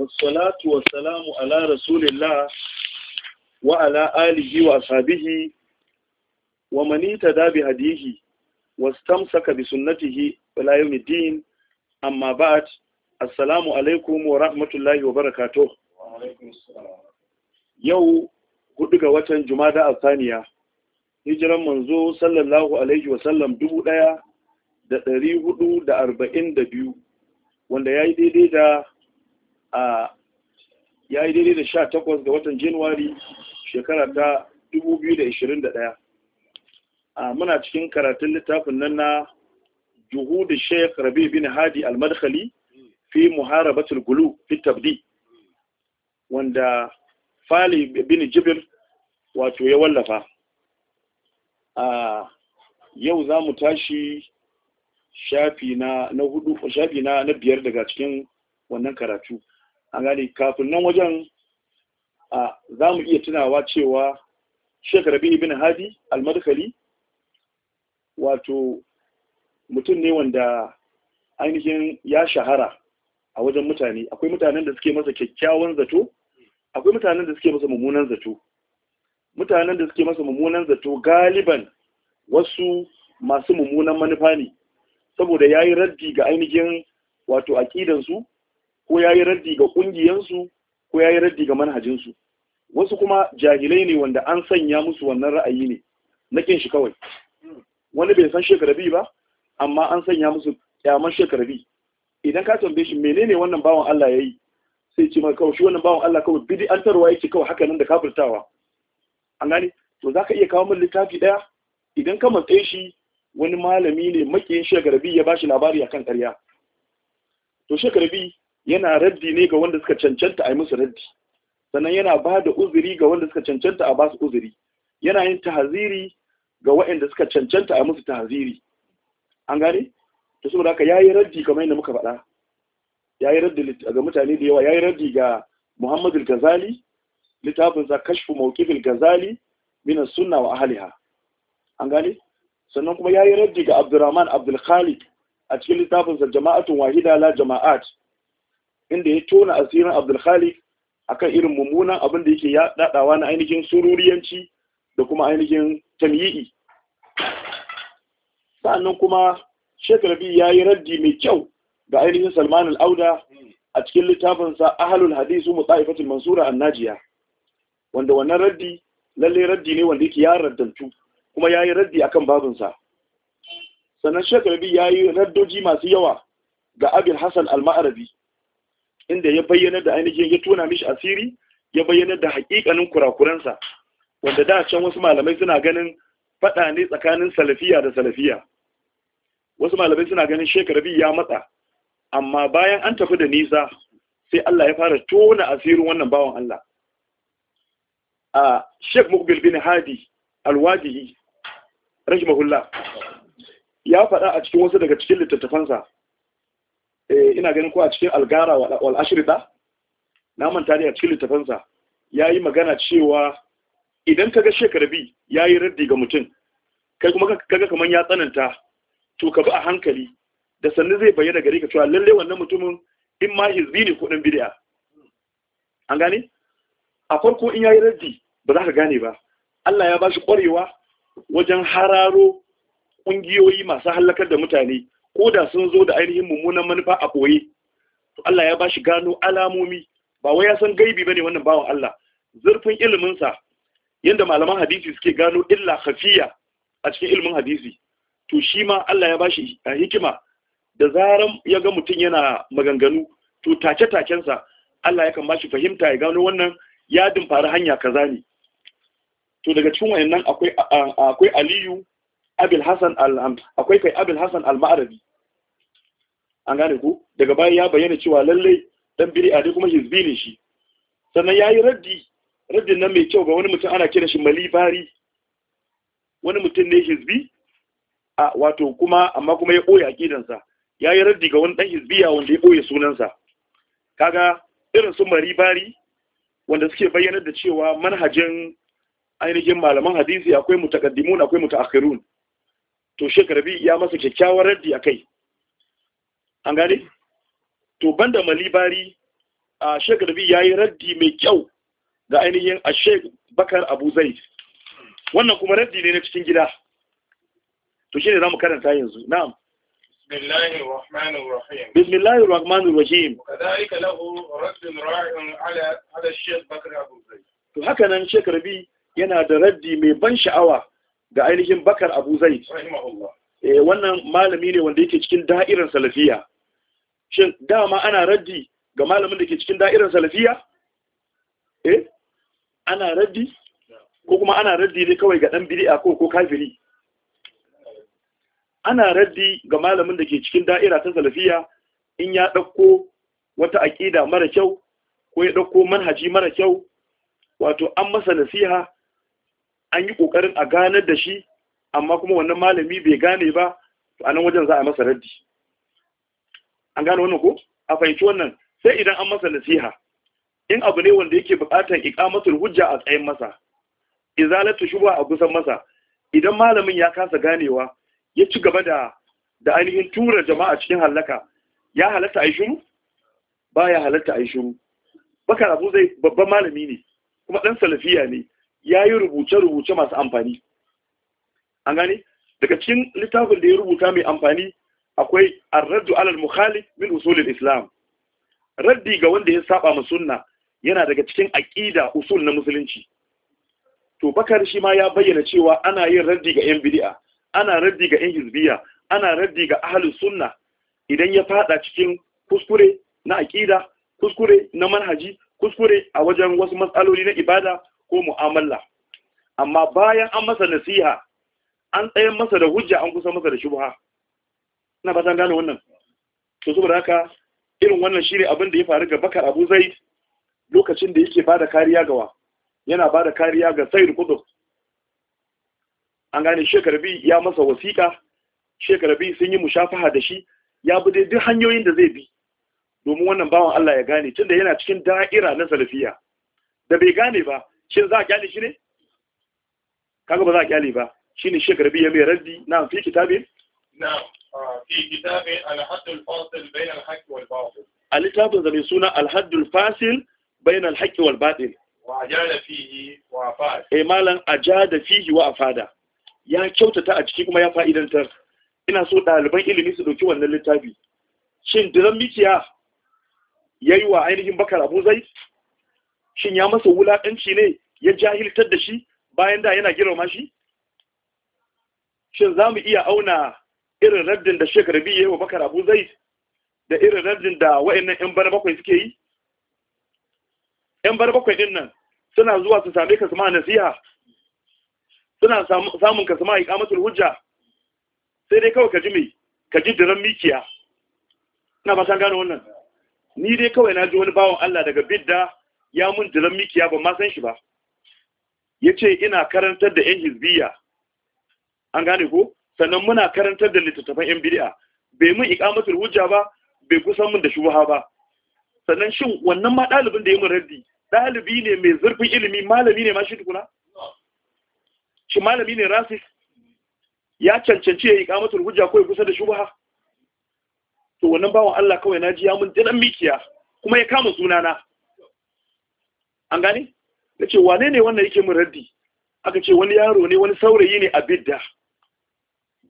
wassalatu wassalamu ala rasulillah wa ala alihi wa ashabihi wa man ittaba bi hadihi wastamsaka bi sunnatihi ila yawmiddin amma ba'd assalamu alaikum wa rahmatullahi wa barakatuh yau hudu ga watan jumada al-thaniya hijiran manzo sallallahu alaihi wa sallam dubu ɗaya da ɗari hudu da arba'in da biyu wanda ya yi daidai da a ya yi daidai da sha takwas ga watan januwari shekara ta 2021 a muna cikin karatun littafin nan na juhu da sheikh rabi bin hadi al-madkhali fi muharabatul gulu fi tabdi wanda fali bin jibir wato ya wallafa a yau za mu tashi shafi na hudu shafi na biyar daga cikin wannan karatu an kafin nan wajen za mu iya tunawa cewa shekara bin ibn hadi almadkhali wato mutum ne wanda ainihin ya shahara a wajen mutane akwai mutanen da suke masa kyakkyawan zato akwai mutanen da suke masa mummunan zato mutanen da suke masa mummunan zato galiban wasu masu mummunan manufa ne saboda ya yi raddi ga ainihin wato aƙidansu ko ya yi raddi ga ƙungiyansu ko ya yi raddi ga manhajinsu wasu kuma jahilai ne wanda an sanya musu wannan ra'ayi ne na kin shi kawai wani bai san biyu ba amma an sanya musu kyaman biyu. idan ka tambaye shi menene wannan bawan Allah yayi sai ce maka kawai shi wannan bawan Allah kawai bid'antarwa yake kawai haka nan da kafirtawa an gane to zaka iya kawo min littafi daya idan ka matse shi wani malami ne makiyin biyu ya bashi labari akan ƙarya to biyu. yana raddi ne ga wanda suka cancanta a yi musu raddi sannan yana ba da uzuri ga wanda suka cancanta a ba su uzuri yana yin tahaziri ga waɗanda suka cancanta a musu tahaziri an gane to saboda haka yayi raddi kamar yadda muka faɗa yayi raddi ga mutane da yawa yayi raddi ga Muhammad al-Ghazali littafin sa kashfu mawqif al-Ghazali min as-sunna wa ahliha an gane sannan kuma yayi raddi ga Abdurrahman Abdul Khalid a cikin littafin sa Jama'atun Wahida la Jama'at inda ya tona asirin Abdulkhalik akan irin mummunan abin da yake ya dadawa na ainihin sururiyanci da kuma ainihin tamyi'i sa'annan kuma Sheikh Rabi ya yi raddi mai kyau ga ainihin Salman al-Auda a cikin littafinsa Ahlul Hadith mu Ta'ifatul Mansura an-Najiya wanda wannan raddi lalle raddi ne wanda yake ya raddantu kuma ya yi raddi akan babinsa sannan Sheikh Rabi ya yi raddoji masu yawa ga Abin Hassan al-Ma'arabi inda ya bayyana da ainihin ya tona mishi asiri ya bayyana da hakikanin kurakuransa wanda da can wasu malamai suna ganin faɗa ne tsakanin salafiya da salafiya wasu malamai suna ganin shekarabi ya matsa amma bayan an tafi da nisa sai Allah ya fara tona asirin wannan bawan Allah a Sheikh Mukbil bin Hadi Alwadihi rahimahullah ya faɗa a cikin wasu daga cikin littattafansa Eh, ina ganin ko a cikin algara wal ashrita na manta ne a cikin littafansa yayi magana cewa idan ka ga kaga ya yayi raddi ga mutum kai kuma kaga kaman ya tsananta to ka bi a hankali da sannu zai bayyana gari ka cewa lalle wannan mutumin in ma hizbi ne ko dan bid'a an gane a farko in yayi raddi ba za ka gane ba Allah ya ba shi kwarewa wajen hararo ƙungiyoyi masu hallakar da mutane Koda sun zo da ainihin mummunan manufa a ɓoye to Allah ya bashi gano alamomi ba wai ya san gaibi bane wannan bawan Allah zurfin ilimin yadda malaman hadisi suke gano illa khafiya a cikin ilimin hadisi to shi ma Allah ya bashi eh, hikima da zaran ya ga mutum yana maganganu to take taken sa Allah yakan bashi fahimta ya gano wannan ya dimfari hanya kaza ne to daga cikin wayannan akwai Aliyu abil hasan akwai kai abil hasan al-ma'arabi an gane ku daga baya ya bayyana cewa lallai dan a dai kuma hizbi ne shi sannan yayi raddi raddin nan mai kyau ga wani mutum ana kira shi malibari wani mutum ne hizbi a wato kuma amma kuma ya boye akidansa yayi raddi ga wani dan ya wanda ya boye sunansa kaga irin su malibari wanda suke bayyanar da cewa manhajin ainihin malaman hadisi akwai mutakaddimun akwai mutaakhirun to Sheikh Rabi ya masa kyakkyawar raddi akai an gane to banda malibari a Sheikh Rabi yayi raddi mai kyau ga ainihin a Sheikh Bakar Abu Zaid wannan kuma raddi ne na cikin gida to shine zamu karanta yanzu na'am بسم الله الرحمن الرحيم بسم الله الرحمن الرحيم كذلك له رد رائع على على الشيخ بكر ابو زيد to الشيخ ربي ينادى ردي yana da raddi mai ban sha'awa ga ainihin bakar abu zai eh, wannan malami ne wanda yake cikin da'irar salafiya shin dama ana raddi ga malamin da ke cikin da'irar salafiya eh ana raddi ko kuma ana raddi ne kawai ga dan bid'a ko ko kafiri ana raddi ga malamin da ke cikin da'ira ta salafiya in ya dauko wata aqida mara kyau ko ya dauko manhaji mara kyau wato an masa nasiha an yi ƙoƙarin a ganar da shi amma kuma wannan malami bai gane ba a nan wajen za a masa raddi an gane wannan ko a fahimci wannan sai idan an masa nasiha in abu ne wanda yake buƙatar iqamatul hujja a tsayin masa izalatu shubha a gusan masa idan malamin ya kasa ganewa ya ci gaba da da ainihin tura jama'a cikin halaka ya halatta ai shiru ya halatta ai shiru bakar abu zai babban malami ne kuma dan salafiya ne ya yi rubuce-rubuce masu amfani an gani, daga cikin littafin da ya rubuta mai amfani akwai arraddu alal mukhalif min usulul islam raddi ga wanda ya saba ma sunna yana daga cikin aƙida usul na musulunci to bakar shi ma ya bayyana cewa ana yin raddi ga yan bid'a ana raddi ga yan hizbiya ana raddi ga ahlus sunna idan ya faɗa cikin kuskure na aƙida, kuskure na manhaji kuskure a wajen wasu matsaloli na ibada ko mu'amala amma bayan an masa nasiha an tsayen masa da hujja an kusa masa da shubha ina ba gane wannan to saboda haka irin wannan shine abin da ya faru ga Bakar Abu Zaid lokacin da yake bada kariya gawa yana bada kariya ga Sayyid Qutb an gane Shekarbi ya masa wasiƙa Shekarbi sun yi mushafaha da shi ya bi dai duk hanyoyin da zai bi domin wannan bawan Allah ya gane tunda yana cikin da'ira na salafiya da bai gane ba shi za a kyale shi ne kaga ba za a kyale ba shi ne shekar ya mai raddi na fi kitabe na fi kitabe alhaddul fasil bayan alhaqi wal batil a littafin zame suna alhaddul fasil bayan alhaqi wal batil wa ajada fihi wa afada eh malan ajada fihi wa afada ya kyautata a ciki kuma ya fa'idantar ina so ɗaliban ilimi su ɗauki wannan littafi shin diran mikiya ya yi wa ainihin bakar abu zai shin ya masa wulaƙanci ne ya jahiltar da shi bayan da yana girma shi shin za mu iya auna irin raddin da Sheikh biyu ya yi wa bakar abu Zaid da irin raddin da wa'annan 'yan bar bakwai suke yi 'yan bar bakwai din nan suna zuwa su same ka suma nasiha suna samun ka suma iqamatul hujja sai dai kawai ka ji mai ka ji diran mikiya ina ba gano wannan ni dai kawai na ji wani bawan Allah daga bidda ya mun diran mikiya ban ma san shi ba ya ce ina karantar da 'yan hizbiya an gane ko sannan muna karantar da littattafan 'yan bidiya bai mun ikamatul hujja ba bai kusan mun da shubaha ba sannan shin wannan ma ɗalibin da ya mun raddi ɗalibi ne mai zurfin ilimi malami ne ma shi tukuna shi malami ne rasis ya cancanci ya ikamatul hujja ko ya kusa da shubaha to wannan bawan Allah kawai naji ya mun dinan mikiya kuma ya kama sunana an gane na ce wane ne wannan yake mun raddi aka ce wani yaro ne wani saurayi ne a bidda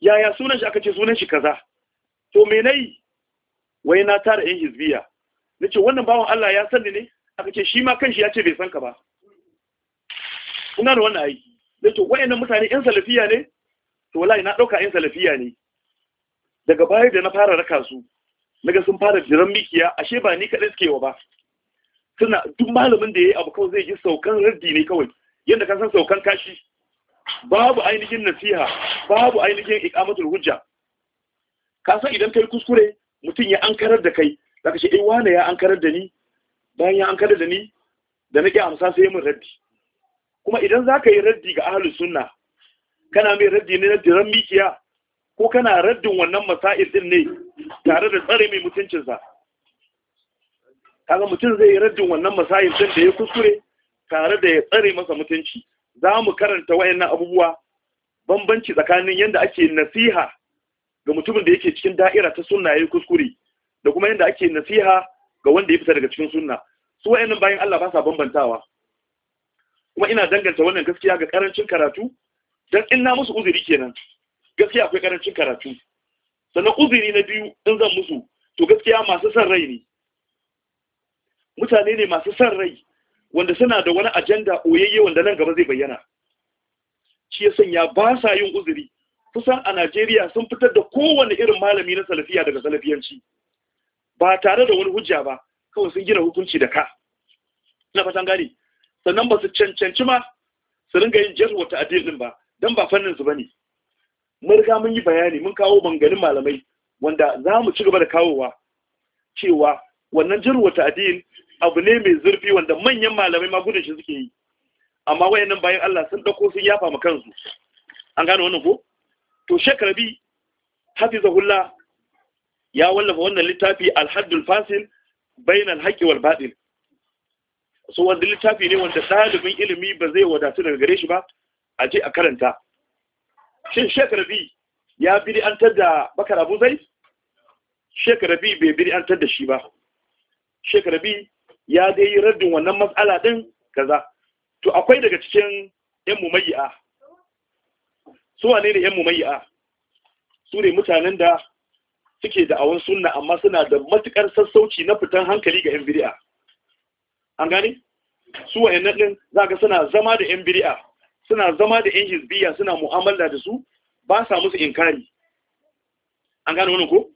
yaya sunan shi aka ce sunan shi kaza to me nayi wai na tara yan hizbiya na ce wannan bawan Allah ya sani ne aka ce shi ma kan shi ya ce bai san ka ba ina da wannan aiki da ce wayannan mutane yan salafiya ne to wallahi na dauka yan salafiya ne daga baya da na fara raka su naga sun fara jiran mikiya ashe ba ni kadai suke wa ba suna duk malamin da ya yi abu kawai zai yi saukan raddi ne kawai yadda ka san saukan kashi babu ainihin nasiha babu ainihin ikamatul hujja ka san idan kai kuskure mutum ya ankarar da kai zaka ce eh wane ya ankarar da ni bayan ya ankarar da ni da nake amsa sai mun raddi kuma idan zaka yi raddi ga ahlus sunna kana mai raddi ne na diran mikiya ko kana raddin wannan masail din ne tare da tsare mai mutuncinsa kaga mutum zai yi raddin wannan masayin din da ya kuskure tare da ya tsare masa mutunci za mu karanta wayannan abubuwa bambanci tsakanin yadda ake nasiha ga mutumin da yake cikin da'ira ta sunna yi kuskure da kuma yadda ake nasiha ga wanda ya fita daga cikin sunna su wayannan bayan Allah ba sa bambantawa kuma ina danganta wannan gaskiya ga karancin karatu dan in na musu uzuri kenan gaskiya akwai karancin karatu sannan uzuri na biyu in zan musu to gaskiya masu son rai ne mutane ne masu san rai wanda suna da wani ajanda oyayye wanda nan gaba zai bayyana shi ya sanya ba sa yin uzuri kusan a Najeriya sun fitar da kowane irin malami na salafiya daga salafiyanci ba tare da wani hujja ba kawai sun gina hukunci da ka na fatan gane sannan ba su cancanci ma su ringa yin jarwa ta din ba dan ba fannin su bane mun riga mun yi bayani mun kawo banganin malamai wanda za mu ci gaba da kawowa cewa wannan jarwa ta'dil abu ne mai zurfi wanda manyan malamai ma gudun shi suke yi amma wayannan bayan Allah sun dauko sun yafa ma kansu an gane wannan ko to shekarabi hafizahullah ya wallafa wannan littafi al fasil bainal haqqi wal batil so wanda littafi ne wanda dalibin ilimi ba zai wadatu daga gare shi ba a je a karanta shin shekarabi ya biri an da bakar abu zai shekarabi bai biri an da shi ba shekarabi ya dai yi raddin wannan matsala din kaza to akwai daga cikin yan mumayya su wane ne yan mumayya su ne mutanen da suke da awon sunna amma suna da matukar sassauci na fitan hankali ga yan bid'a an gane su wayannan din zaka suna zama da yan bid'a suna zama da yan hizbiya suna mu'amala da su ba sa musu inkari an gane wannan ko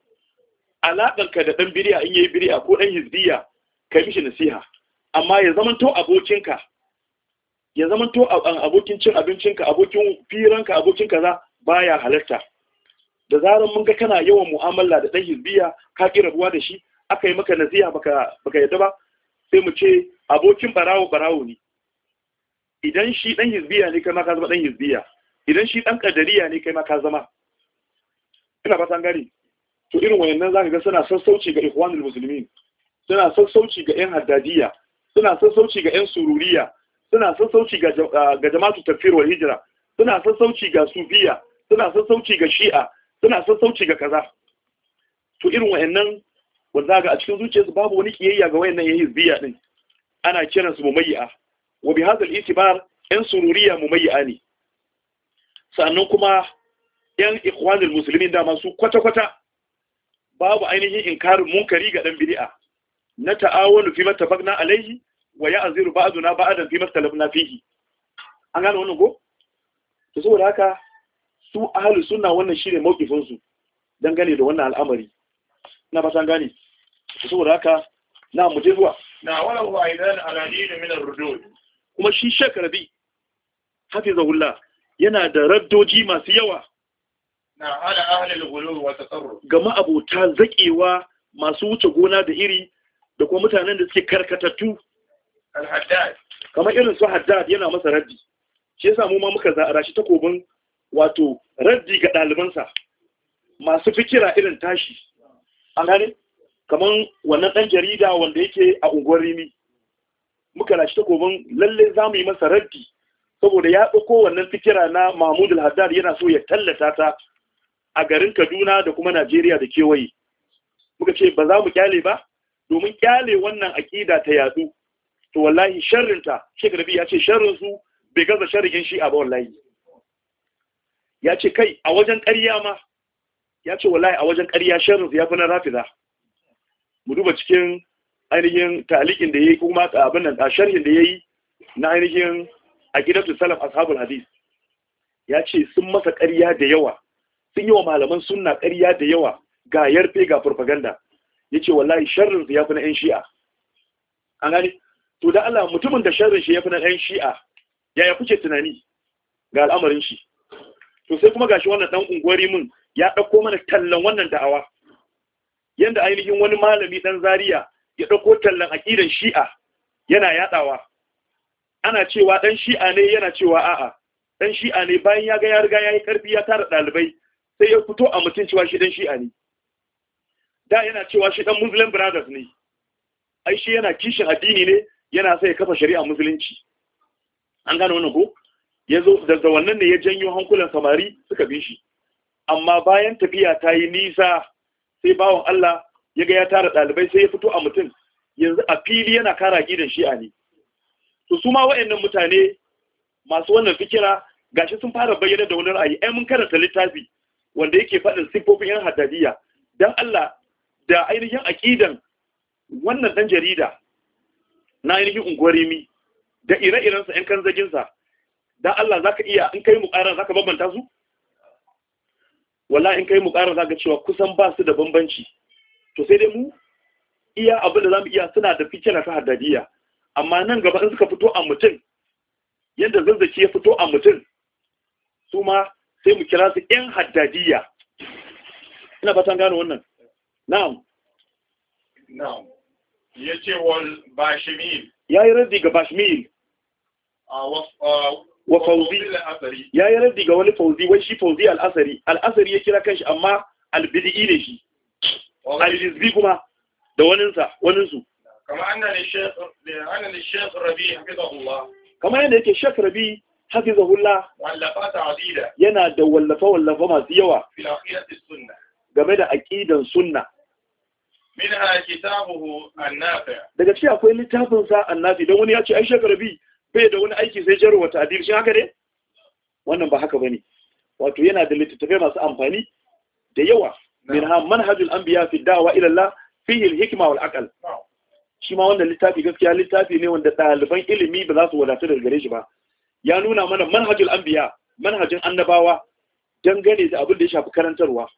alaƙanka da ɗan biriya in yayi biriya ko ɗan hizbiya ka mishi nasiha amma ya zamanto abokinka ya to abokin cin abincinka abokin firanka abokin kaza baya halarta da zarar mun ga kana yawan mu'amala da ɗan hizbiya ka ƙi rabuwa da shi aka yi maka nasiha baka baka yadda ba sai mu ce abokin barawo barawo ne idan shi ɗan hizbiya ne kai ma ka zama ɗan hizbiya idan shi ɗan ƙadariya ne kai ma ka zama ina fatan gari. to irin wayannan zaka ga suna sassauci ga ikhwanul muslimin suna sassauci ga yan haddadiya suna sassauci ga yan sururiya suna sassauci ga ah, ga jama'atu tafsir wal hijra suna sassauci ga sufiya suna sassauci ga shi'a suna sassauci ga kaza to irin wayannan wanda ga a cikin zuciyarsu babu wani kiyayya ga wayannan yayin ziyya din ana kiransu mumayya wa bi hadha al-itibar yan sururiya mumayya ne sannan kuma yan ikhwanul muslimin da masu kwata-kwata babu ainihin inkarin munkari ga dan bid'a na ta'awunu fi mattafaqna alaihi wa ya'ziru ba'duna ba'dan fi mattalabna fihi an gane wannan ko to saboda haka su ahli sunna wannan shine mawqifin su dangane da wannan al'amari ina ba san gane to saboda haka na mu je zuwa na walau wa aidan aladin min ar-rudud kuma shi shekarabi hafizahullah yana da raddoji masu yawa Gama abota zaƙewa masu wuce gona da iri da kuma mutanen da suke karkatattu kamar irin su haddad yana masa raddi shi yasa mu ma muka za'ara shi takobin wato raddi ga ɗalibansa masu fikira irin tashi an gane kamar wannan ɗan jarida wanda yake a unguwar rimi muka rashi takobin lalle za mu yi masa raddi saboda ya ɗauko wannan fikira na mahmud al-haddad yana so ya tallata ta a garin Kaduna da kuma Najeriya da kewaye muka ce ba za mu kyale ba domin kyale wannan akida ta yadu to wallahi sharrinta Sheikh Rabi ya ce sharrin su bai gaza sharrin shi a ba wallahi ya ce kai a wajen ƙarya ma ya ce wallahi a wajen ƙarya sharrin su fi na rafiza. mu duba cikin ainihin talikin da yayi kuma abin nan a sharhin da yayi na ainihin a gidan salaf ashabul hadis ya ce sun masa ƙarya da yawa sun yi wa malaman sunna ƙarya da yawa ga yarfe ga farfaganda ya ce wallahi sharrin su ya fi na 'yan shi'a an gani to da Allah mutumin da sharrin shi ya fi na 'yan shi'a yaya kuke tunani ga al'amarin shi to sai kuma gashi wannan dan unguwari mun ya ɗauko mana tallan wannan da'awa yanda ainihin wani malami dan Zariya ya ɗauko tallan aƙidan shi'a yana yaɗawa ana cewa ɗan shi'a ne yana cewa a'a 'dan shi'a ne bayan ya ga ya riga ya yi ƙarfi ya tara ɗalibai sai ya fito a mutum cewa shi dan shi'a ne da yana cewa shi dan muslim brothers ne ai shi yana kishin addini ne yana sai ya kafa shari'a musulunci an gano wannan ko yazo da wannan ne ya janyo hankulan samari suka bi shi amma bayan tafiya ta yi nisa sai bawan Allah ya ga ya tara ɗalibai sai ya fito a mutum yanzu a fili yana kara gidan shi'a ne to su ma wa'annan mutane masu wannan fikira gashi sun fara bayyana da wani ra'ayi ai mun karanta littafi wanda yake faɗin siffofin yan haddadiya don Allah da ainihin aƙidan wannan ɗan jarida na ainihin ungwarimi da ire-irensa ‘yan zaginsa don Allah za ka iya in kai muƙara za ka bambanta su? Wala in kai muƙara za ka cewa kusan ba su da bambanci. To sai dai mu, iya abin da za mu iya suna da na ta haddadiya, amma nan gaba in suka fito a mutum, yadda zazzaki ya fito a mutum, su ma sai mu kira su yan haddadiya ina fatan gano wannan na'am na'am yace wal bashmil yi raddi ga bashmil wa Ya yi raddi ga wani fauzi wai shi fauzi Al'asari asari ya kira kanshi amma al ne shi al-jizbi kuma da waninsa waninsu kama yadda shaykh annani shaykh kama yanda yake shaykh rabi hafizahullah yana da wallafa wallafa masu yawa game da aqidan sunna minha kitabuhu an-nafi daga ci akwai littafin sa an-nafi dan wani ya ce ai shagarabi bai da wani aiki sai jarwa ta'dil shin haka ne wannan ba haka bane wato yana da littattafai masu amfani da yawa minha manhajul anbiya fi da'wa ila Allah fihi al-hikma wal aql shi ma wannan littafi gaskiya littafi ne wanda ɗaliban ilimi ba za su wadatu daga gare shi ba ya nuna mana manhajul anbiya manhajin annabawa dangane da abin da ya shafi karantarwa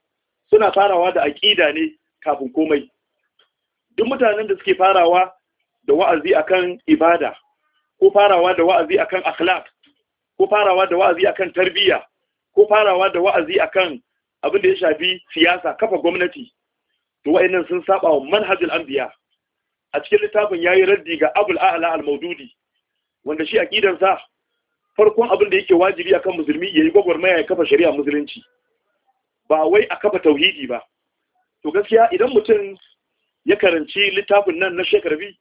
suna farawa da aqida ne kafin komai duk mutanen da suke farawa da wa'azi akan ibada ko farawa da wa'azi akan akhlaq ko farawa da wa'azi akan tarbiyya ko farawa da wa'azi akan abin da ya shafi siyasa kafa gwamnati to wayannan sun saba wa manhajul anbiya a cikin littafin yayi raddi ga abul a'la al-maududi wanda shi aqidansa farkon abin da yake wajibi akan musulmi yayi gwagwarmaya ya kafa shari'a musulunci ba wai a kafa tauhidi ba to gaskiya idan mutum ya karanci littafin nan na shekarbi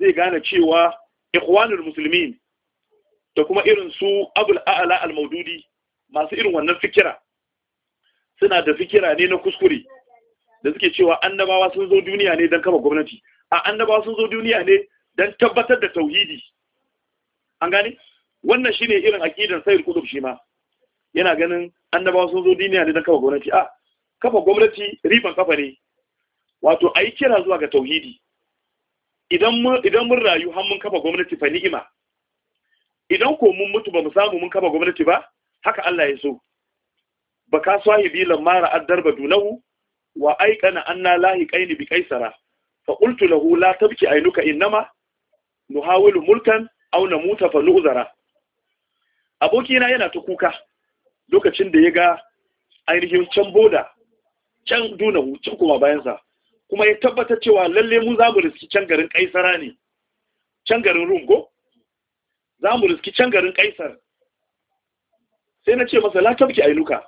zai gane cewa ikhwanul muslimin da kuma irin su abul a'la al-maududi masu irin wannan fikira suna da fikira ne na kuskure da suke cewa annabawa sun zo duniya ne don kama gwamnati a annabawa sun zo duniya ne don tabbatar da tauhidi an gane wannan shine irin aqidan sayyid kudub shi ma yana ganin annabawa sun zo duniya ne don kafa gwamnati a ah, kafa gwamnati riban kafa ne wato ayi kira zuwa ga tauhidi idan mun rayu har mun kafa gwamnati fa ni'ima idan ko mun mutu ba mu samu mun kafa gwamnati ba haka Allah ya so ba ka sahibi lamara addarba dulahu wa aikana anna qaini bi qaisara fa qultu lahu la tabki ainuka innama nuhawilu mulkan aw namuta fa nu'zara abokina yana ta kuka lokacin da ya ga ainihin can boda can dunahu can kuma bayansa kuma ya tabbatar cewa lalle mu za mu riski can garin kaisara ne can garin rungo za mu riski can garin kaisar sai na ce masa la tabki ailuka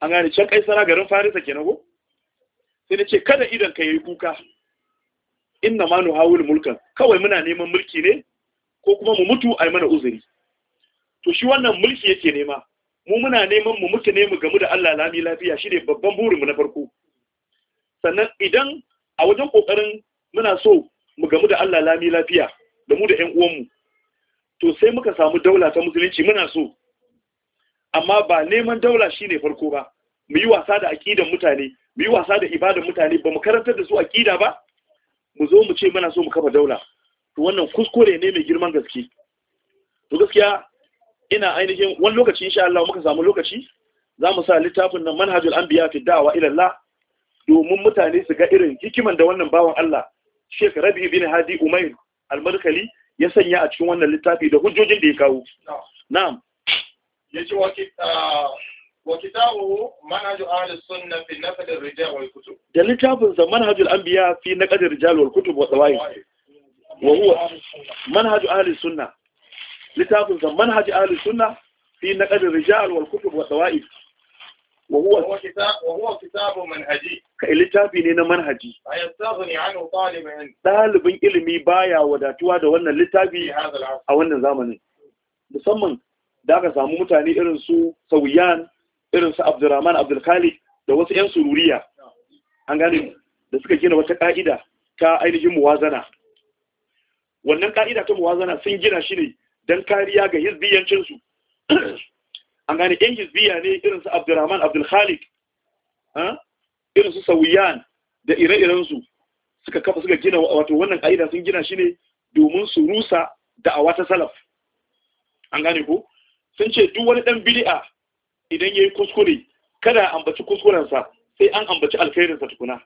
an gani can kaisara garin farisa ke nago sai na ce kada idan ka yi kuka inna ma nu hawul mulkan kawai muna neman mulki ne ko kuma mu mutu a mana uzuri to shi wannan mulki yake nema mu muna neman mu mutu ne mu gamu da Allah lami lafiya shi ne babban burinmu na farko sannan idan a wajen ƙoƙarin muna so mu gamu da Allah lami lafiya da mu da ƴan uwanmu to sai muka samu daula ta musulunci muna so amma ba neman daula shine farko ba mu yi wasa da aƙidan mutane mu yi wasa da ibadan mutane ba mu karantar da su aƙida ba mu zo mu ce muna so mu kafa daula wannan kuskure ne mai girman gaske to gaskiya ina ainihin wani lokaci insha Allah muka samu lokaci za mu sa littafin nan manhajul anbiya fi da'wa ila Allah domin mutane su ga irin hikiman da wannan bawan Allah Sheikh Rabi bin Hadi Umayr al-Madkhali ya sanya a cikin wannan littafi da hujjojin da ya kawo na'am yace ah, wa kitabu manhajul ahli sunna fi naqd ar-rijal wal kutub da littafin sa manhajul anbiya fi naqd ar-rijal wal kutub wa wa huwa manhaj ahli littafin sa manhaj ahli sunna fi naqd rijal wal kutub wa tawaif wa huwa kitab manhaji kai ne na manhaji ayastaghni ilimi baya wadatuwa da wannan littafi a wannan zamanin musamman da aka samu mutane irin su sauyan irin su abdurrahman da wasu 'yan sururiya an gane da suka gina wata ka'ida ta ainihin muwazana wannan ka'ida ta muwazana sun gina shi ne don kariya ga hisbiyancinsu. an gane yan hizbiya ne irin su abdulkhalik irinsu sauyan irin su da ire-iren su suka kafa suka gina wato wannan ka'ida sun gina shi ne domin su rusa da a ta salaf an gane ko sun ce duk wani ɗan-bili'a idan ya yi kuskure kada ambaci kuskurensa sai an ambaci alkhairinsa tukuna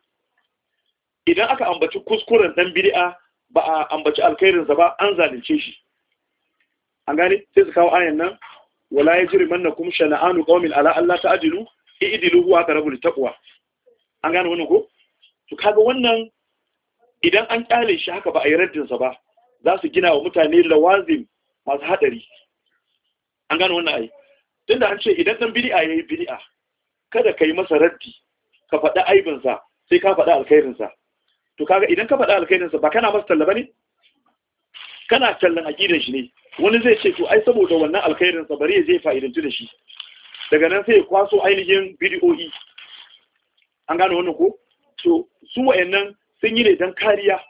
idan aka ambaci kuskuren ɗan-bili'a. ba a ambaci alkhairinsa ba an zalunce shi an gane sai su kawo ayan nan wala ya jiri kuma shana'anu ƙaumin ala ajinu i i'dilu huwa rabu, littaqwa an gane wannan ko to kaga wannan idan an kyale shi haka ba a yi raddinsa ba za su gina wa mutane lawazim masu hadari an gane wannan ai tunda an ce idan dan bid'a yayi bid'a kada kai masa raddi ka faɗi aibinsa sai ka faɗi alkhairinsa to kaga idan ka faɗa alkainansa ba kana masa talla ne kana tallan aqidan shi ne wani zai ce to ai saboda wannan alkhairin bari ya je fa'idantu da shi daga nan sai ya kwaso ainihin bidiyoyi an gano wannan ko to su wayannan sun yi ne dan kariya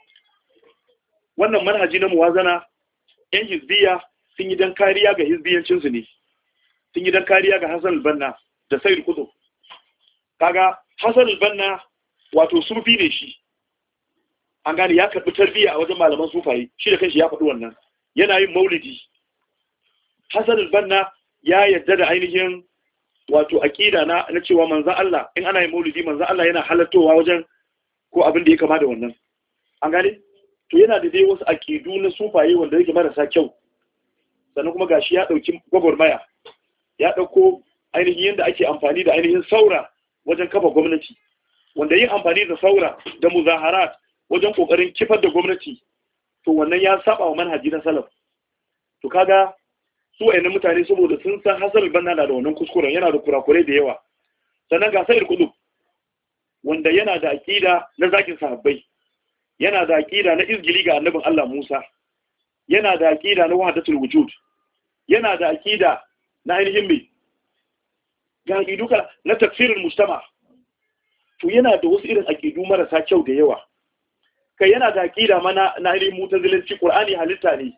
wannan manhaji na muwazana yan hizbiya sun yi dan kariya ga hisbiyancinsu ne sun yi dan kariya ga Hassan albanna da Sayyid Kudu. kaga Hassan albanna banna wato sufi ne shi an gane ya karɓi tarbiyya a wajen malaman sufaye shi da kanshi ya faɗi wannan yana yin maulidi hasan banna ya yarda da ainihin wato aqida na na cewa manzan Allah in ana yin maulidi manzan Allah yana halartowa wajen ko abin da ya kama da wannan an gane to yana da dai wasu aqidu na sufaye wanda yake marasa kyau sannan kuma gashi ya ɗauki gwagwarmaya ya ɗauko ainihin yanda ake amfani da ainihin saura wajen kafa gwamnati wanda yin amfani da saura da muzaharat wajen kokarin kifar da gwamnati to wannan ya saba wa manhaji na salaf to kaga su wayannan mutane saboda sun san hasal banna na da wannan kuskuren yana da kurakure da yawa sannan ga sa'ir kudu wanda yana da aƙida na zakin sahabbai yana da aƙida na izgili ga annabin Allah Musa yana da aƙida na wahdatul wujud yana da aƙida na ainihin mai ga aƙidu na tafsirin mujtama to yana da wasu irin aƙidu marasa kyau da yawa kai yana da aqida mana na irin mutazilanci qur'ani halitta ne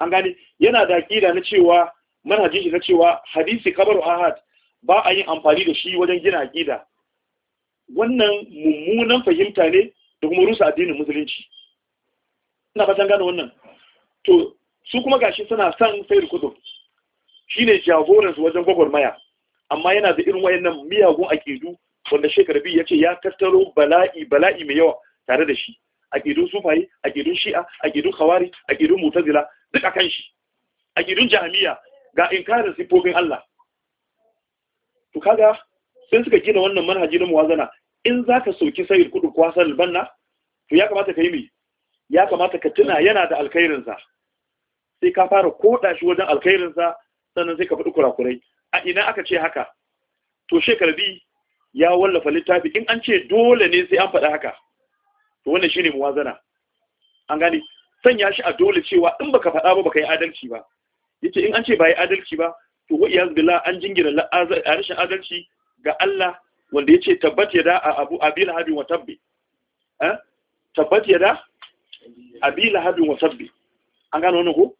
an gani yana da na cewa manhajin shi na cewa hadisi kabaru ahad ba a yin amfani da shi wajen gina akida wannan mummunan fahimta ne da kuma rusa addinin musulunci ina fatan gane wannan to su kuma gashi suna son sayar kudu shine jagoransu wajen gwagwarmaya amma yana da irin wayannan miyagun akidu wanda biyu ya ce ya tattaro bala'i bala'i mai yawa tare da shi A aƙidun sufaye a aƙidun shi'a a kawari a aƙidun mutazila duk kan shi A aƙidun jami'a ga inkarin sifofin Allah to kaga sai suka gina wannan manhaji na muwazana in ka soki sayar kudu kwasar albanna to ya kamata ka yi mai ya kamata ka tuna yana da alkhairinsa sai ka fara koda shi wajen alkhairinsa sannan sai ka faɗi kurakurai a ina aka ce haka to biyu ya wallafa littafi in an ce dole ne sai an faɗa haka to wannan shine muwazana an gani sanya shi a dole cewa in baka faɗa ba baka yi adalci ba yace in an ce ba yi adalci ba to wa iyaz billah an jingira rashin adalci ga Allah wanda yace tabbat yada abu abil habi wa tabbi eh tabbat yada abil habi wa tabbi an gani wannan ko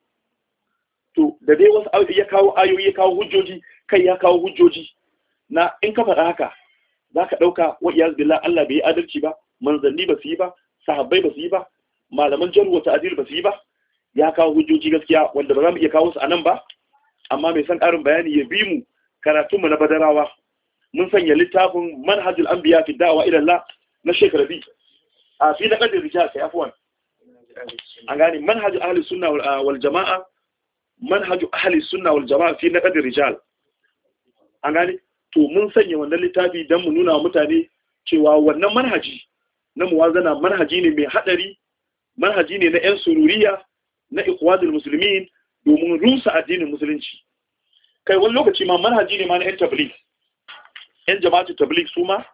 to da dai wasu ya kawo ayoyi ya kawo hujjoji kai ya kawo hujjoji na in ka faɗa haka za ka ɗauka wa iyaz billah Allah bai yi adalci ba manzanni ba su yi ba sahabbai ba su yi ba malaman jarwa ta'dil ba su yi ba ya kawo hujjoji gaskiya wanda ba za mu iya kawo su a nan ba amma mai san ƙarin bayani ya bi mu karatun mu na badarawa mun sanya littafin manhajul anbiya fi da'wa ila Allah na Sheikh Rabi a fi na kadir rijal sai afwan an gane manhaj ahli sunna wal ah, jama'a manhaj ahli sunna wal jama'a fi naqd rijal an gane to mun sanya wannan littafi don mu nuna wa mutane cewa wannan manhaji na muwazana manhaji ne mai haɗari manhaji ne na 'yan sururiya na ikwadul musulmin domin rusa addinin musulunci kai wani lokaci ma manhaji ne ma na 'yan tablik 'yan jama'atu tablik su ma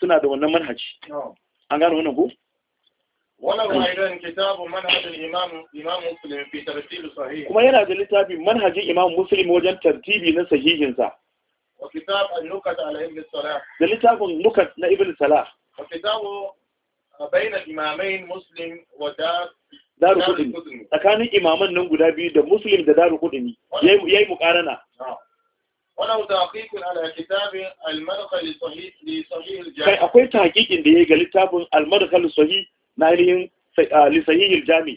suna da wannan manhaji an gano wannan ko wannan aidan kitabu manhajin imam imam muslim fi tartibi kuma yana da littafin manhajin imam muslim wajen tartibi na sahihinsa وكتاب النكت على ابن الصلاح ده لتاب النكت لابن الصلاح وكتابه بين الامامين مسلم ودار daru kudin tsakanin imaman nan guda biyu da muslim da daru kudin yayi mukarana wannan tahqiqun ala kitabin al-madkhal sahih li sahih al kai akwai tahqiqin da yayi ga littafin al-madkhal sahih na ainihin li sahih al-jami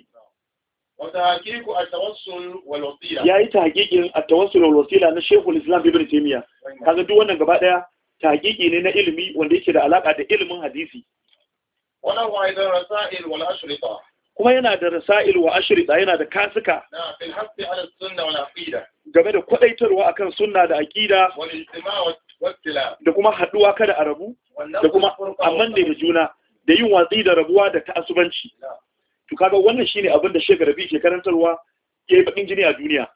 ya yi tahqiqin a tawassul walwasila na shekul Islam Ibn Taymiyyah kaga duk wannan gaba daya tahqiqi ne na ilimi wanda yake da alaka da ilimin hadisi kuma yana da rasail wa ashrita yana da kasuka game da kwadaitarwa akan sunna da aqida da kuma haduwa kada a rabu da kuma amman da juna da yin watsi da rabuwa da ta'assubanci to kaga wannan shine abin da Sheikh Rabi ke karantarwa yayi bakin jini a duniya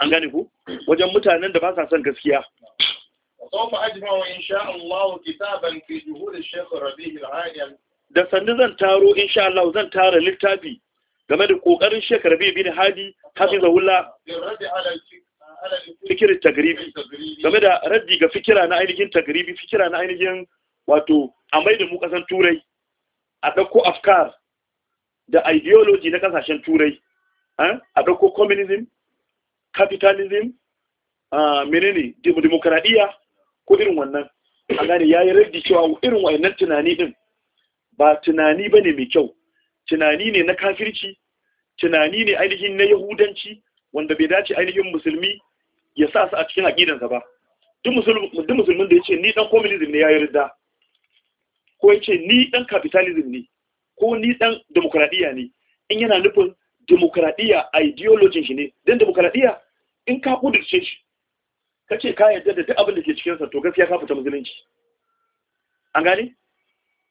an gane ku wajen mutanen da ba sa son gaskiya da sandu zan taro insha Allah zan tara littafi game da kokarin Sheikh Rabi bin Hadi hafizahullah fikirin tagribi game da raddi ga fikira na ainihin tagribi fikira na ainihin wato a mai da mu kasan turai a dauko afkar da ideology na kasashen turai eh? a ɗauko communism capitalism ah, menene demokradiyya ko irin wannan a gane ya yi raddi cewa irin wayannan tunani din ba tunani ba ne mai kyau tunani ne na kafirci tunani ne ainihin na yahudanci wanda bai dace ainihin musulmi ya sa su a cikin aƙidansa ba duk musulmin da ya ce ni ɗan communism ne ya yi ko ya ce ni ɗan capitalism ne ko ni dan demokradiya ne in yana nufin demokradiya ideologin shi ne dan demokradiya in ka kudurce shi kace ka yarda da duk abin da ke cikin sa to gaskiya ka fita musulunci an gane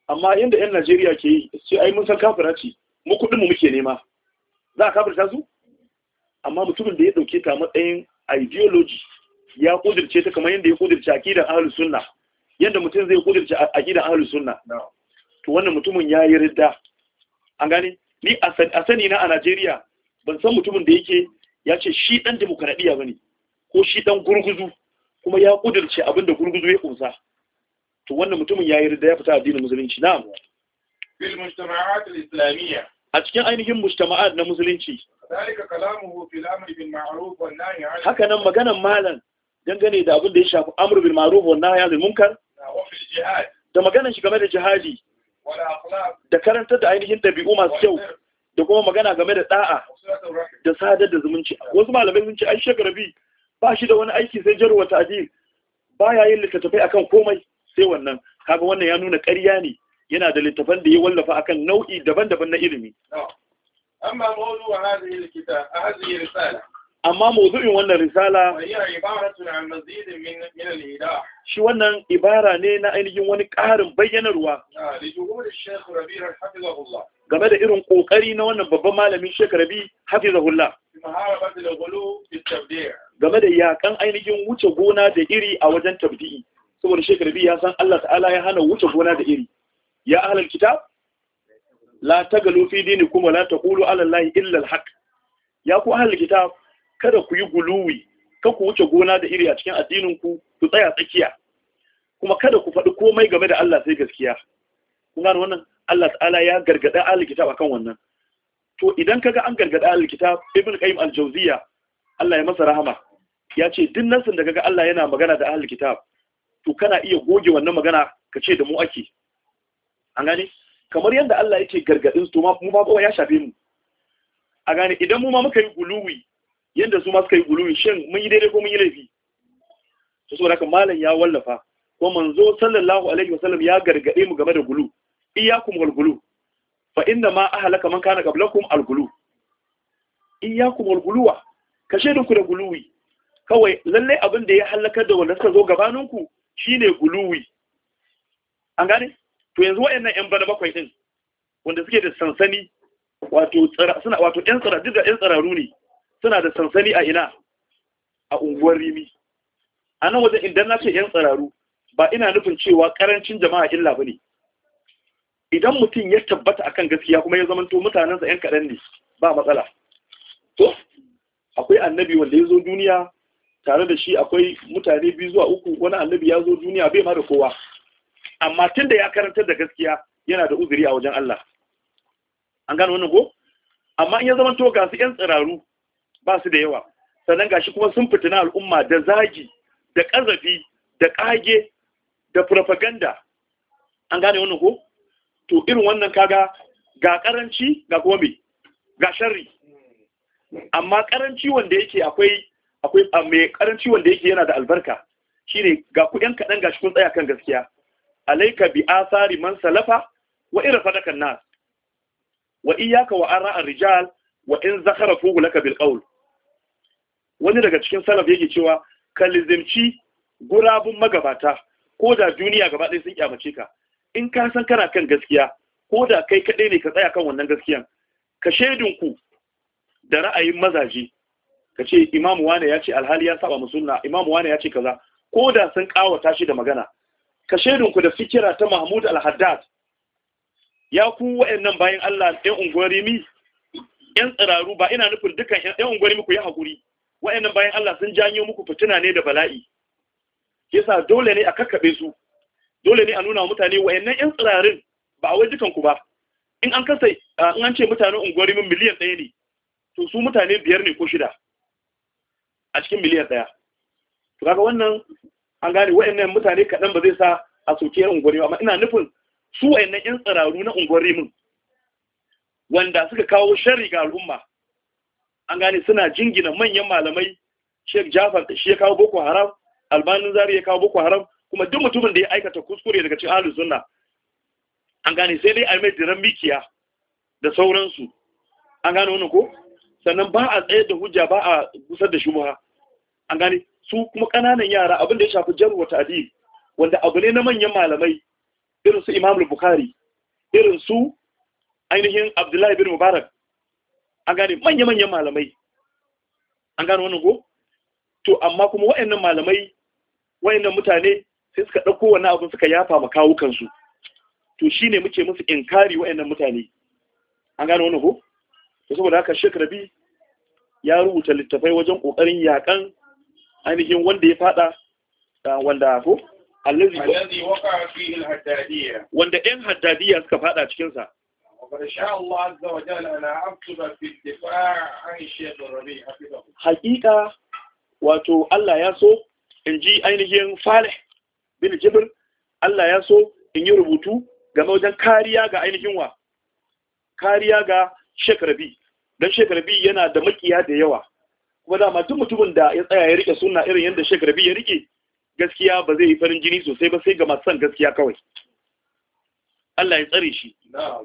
amma yanda yan Najeriya ke yi sai ai mun san kafira ce mu kudin mu muke nema za a kafirta su amma mutumin da ya dauke ta matsayin ideology ya kudirce ta kamar yadda ya kudirce akidan ahlus sunna yadda mutum zai kudirce akidan ahlus sunna to wannan mutumin ya yi ridda an gane ni a sani na a Najeriya ban san mutumin da yake ya ce shi dan ba ne ko shi dan gurguzu kuma ya kudurce abin da gurguzu ya kunsa to wannan mutumin ya yi ridda ya fita addinin musulunci na'am fil mujtama'at al-islamiyya a cikin ainihin mujtama'at na musulunci dalika kalamuhu fil amri bil ma'ruf wan nahy 'anil haka nan maganan malam dangane da abin da ya shafi amurbin bil ma'ruf wan nahy 'anil munkar da maganan shi game da jihadi da karantar da ainihin ɗabi'u masu kyau da kuma magana game da ɗa'a da sadar da zumunci wasu malamai sun ce ai shagarabi ba shi da wani aiki sai jarwa ta'dil ba ya yin littattafai a kan komai sai wannan kaga wannan ya nuna ƙarya ne yana da littattafan da ya wallafa akan nau'i daban-daban na ilimi amma a amma mawdu'in wannan risala shi wannan ibara ne na ainihin wani ƙarin bayyanarwa game da irin ƙoƙari na wannan babban malamin Sheikh Rabi hafizahullah game da yakan ainihin wuce gona da iri a wajen tabdi'i saboda shekarabi ya san Allah ta'ala ya hana wuce gona da iri ya ahlul kitab la tagalu fi dinikum kuma la taqulu ala illa al ya ku ahlul kitab kada ku yi guluwi ka ku wuce gona da iri a cikin addininku ku tsaya tsakiya kuma kada ku faɗi komai game da Allah sai gaskiya Kuma wannan Allah ta'ala ya gargada ahlul kitab akan wannan to idan kaga an gargada ahlul kitab ibn qayyim al-jawziya Allah ya masa rahama ya ce duk nasin da kaga Allah yana magana da ahlul kitab to kana iya goge wannan magana ka ce da mu ake an gane kamar yadda Allah yake gargadin su to mu ba ya shafe mu a gane idan mu ma muka yi guluwi yadda su masu suka yi guluwi shin mun yi daidai ko mun yi laifi to saboda haka malam ya wallafa ko manzo sallallahu alaihi wasallam ya gargade mu game da gulu iyyakum wal gulu fa inna ma ahlaka man kana qablakum al gulu iyyakum wal guluwa kashe da ku da guluwi kawai lalle abin da ya halakar da wanda suka zo gabaninku shine guluwi an gane to yanzu wayannan yan bana bakwai din wanda suke da sansani wato tsara suna wato yan tsara duk da yan tsararu ne suna da sansani a ina a unguwar rimi a nan wajen idan na ce yan tsararu ba ina nufin cewa karancin jama'a illa ba ne idan mutum ya tabbata akan gaskiya kuma ya zamanto mutanensa yan kaɗan ne ba matsala to akwai annabi wanda ya zo duniya tare da shi akwai mutane biyu zuwa uku wani annabi ya zo duniya bai ma da kowa amma tun da ya karantar da gaskiya yana da uzuri a wajen Allah an gano wannan ko amma in ya zamanto to ga su yan tsiraru ba su da yawa sannan gashi kuma sun fitina al'umma da zagi da ƙazafi da ƙage da propaganda an gane wannan ko to irin wannan kaga ga ƙaranci ga kuma me ga sharri amma ƙaranci wanda yake akwai akwai mai ƙaranci wanda yake yana da albarka shine ga ku ɗan kaɗan gashi kun tsaya kan gaskiya alaika bi asari man salafa wa ira sadakan nas wa iyyaka wa ara rijal wa in zakhara fuhu laka bil qawl wani daga cikin salaf yake cewa ka lizimci gurabun magabata ko da duniya gaba ɗaya sun kyamace ka in ka san kana kan gaskiya ko da kai kaɗai ne ka tsaya kan wannan gaskiyan ka shaidinku da ra'ayin mazaje ka ce imamu wane ya ce alhali ya saba musulna imamu wane ya ce kaza ko da sun kawata shi da magana ka shaidinku da fikira ta mahmud al-haddad ya ku wa'annan bayan allah ɗan unguwar rimi yan tsiraru ba ina nufin dukkan yan unguwar rimi ku yi haƙuri wa'annan bayan Allah sun janyo muku fitina ne da bala'i yasa dole ne a kakkabe su dole ne a nuna mutane wa'annan yan tsirarin ba a wajikan ku ba in an kasa in an ce mutane unguwar min miliyan ɗaya ne to su mutane biyar ne ko shida a cikin miliyan ɗaya to kaga wannan an gane wa'annan mutane kaɗan ba zai sa a soke yan ba. amma ina nufin su wa'annan yan tsiraru na unguwar min wanda suka kawo sharri ga al'umma an gane suna jingina manyan malamai Sheikh Jafar shi ya kawo Boko Haram Albani Zari ya kawo Boko Haram kuma duk mutumin da ya aikata kuskure daga cikin Ahlus Sunna an gane sai dai a diran mikiya da sauransu an gane wannan ko sannan ba a tsaye da hujja ba a gusar da shubha an gane su kuma kananan yara abin da ya shafi jarwa ta'dil wanda abu ne na manyan malamai irin su Imam Bukhari irin su ainihin Abdullahi bin Mubarak an gane manya-manyan malamai an gane wani go, to amma kuma wa'annan malamai wa'annan mutane sai suka ɗauko wani abin suka yafa ma kawukansu, to shi ne muke musu inkari wa'annan mutane an gane wani go, to saboda haka shek Rabi ya rubuta littafai wajen ƙoƙarin yaƙan, ainihin wanda ya faɗa wanda ko allazi wanda ɗan haddadiya suka fada cikin sa haƙiƙa wato allah ya so in ji ainihin Fale, bin jibir Allah ya so in yi rubutu game wajen kariya ga ainihin wa kariya ga shekarabi don shekarabi yana da makiya da yawa kuma dama duk mutumin da ya tsaya ya rike suna irin yadda shekarabi ya rike gaskiya ba zai yi farin jini sosai ba sai ga masu son gaskiya kawai Allah ya tsare shi uh,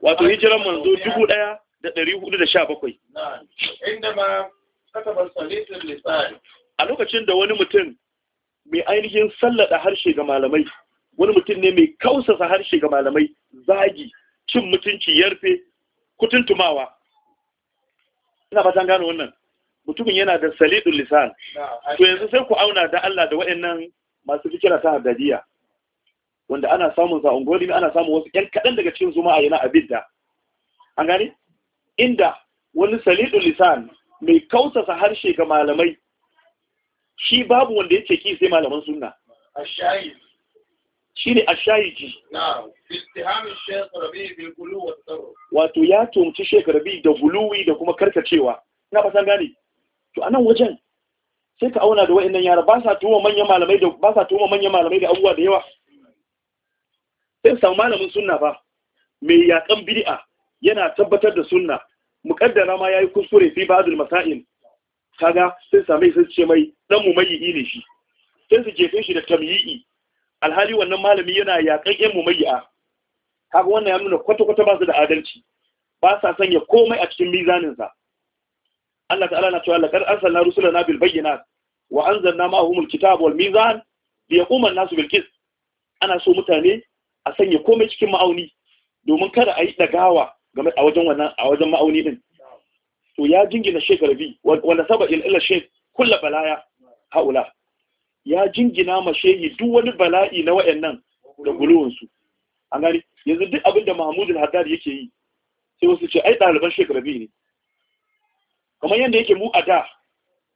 wato hijiran manzo dubu ɗaya da ɗari hudu da sha bakwai a lokacin da wani mutum mai ainihin sallada harshe ga malamai wani mutum ne mai kausasa harshe ga malamai zagi cin mutunci yarfe kutuntumawa ina fatan gano wannan mutumin yana da saliɗin lisan to yanzu sai ku auna da Allah da waɗannan masu fikira ta haddadiya wanda ana samun sa ungodi ana samun wasu ƴan kaɗan daga cikin zuma a yana abidda an gane inda wani salidu lisan mai kautasa harshe ga malamai shi babu wanda yake ki sai malaman sunna ashayi shine ashayiji na'am ji. shaykh rabi bil wa tasarruf wato ya tumci shaykh rabi da guluwi da kuma karkacewa ina ba san gane to anan wajen sai ka auna da nan yara ba sa tuwo manyan malamai da ba sa manyan malamai da abubuwa da yawa sai samu malamin sunna ba mai yakan bid'a yana tabbatar da sunna mukaddara ma yayi kuskure fi ba'dul masail kaga sai same sai ce mai dan mu mai ne shi sai su jefe shi da tamyi'i alhali wannan malami yana yakan yan mu mai'a kaga wannan ya nuna kwata kwata ba su da adalci ba sa sanya komai a cikin mizanin sa Allah ta'ala na cewa laqad arsalna rusulana bil bayyinat wa anzalna ma'ahum al-kitaba wal mizan liyaquma an-nasu bil qist ana so mutane a sanya komai cikin ma'auni domin kada a yi ɗagawa a wajen wannan a wajen ma'auni din to ya jingina shek rabi wanda saba in illa shek kulla balaya haula ya jingina ma shehi duk wani bala'i na wayannan da guluwansu an gani yanzu duk abin da mahmudul haddad yake yi sai wasu ce ai ɗaliban shek rabi ne kamar yadda yake mu a da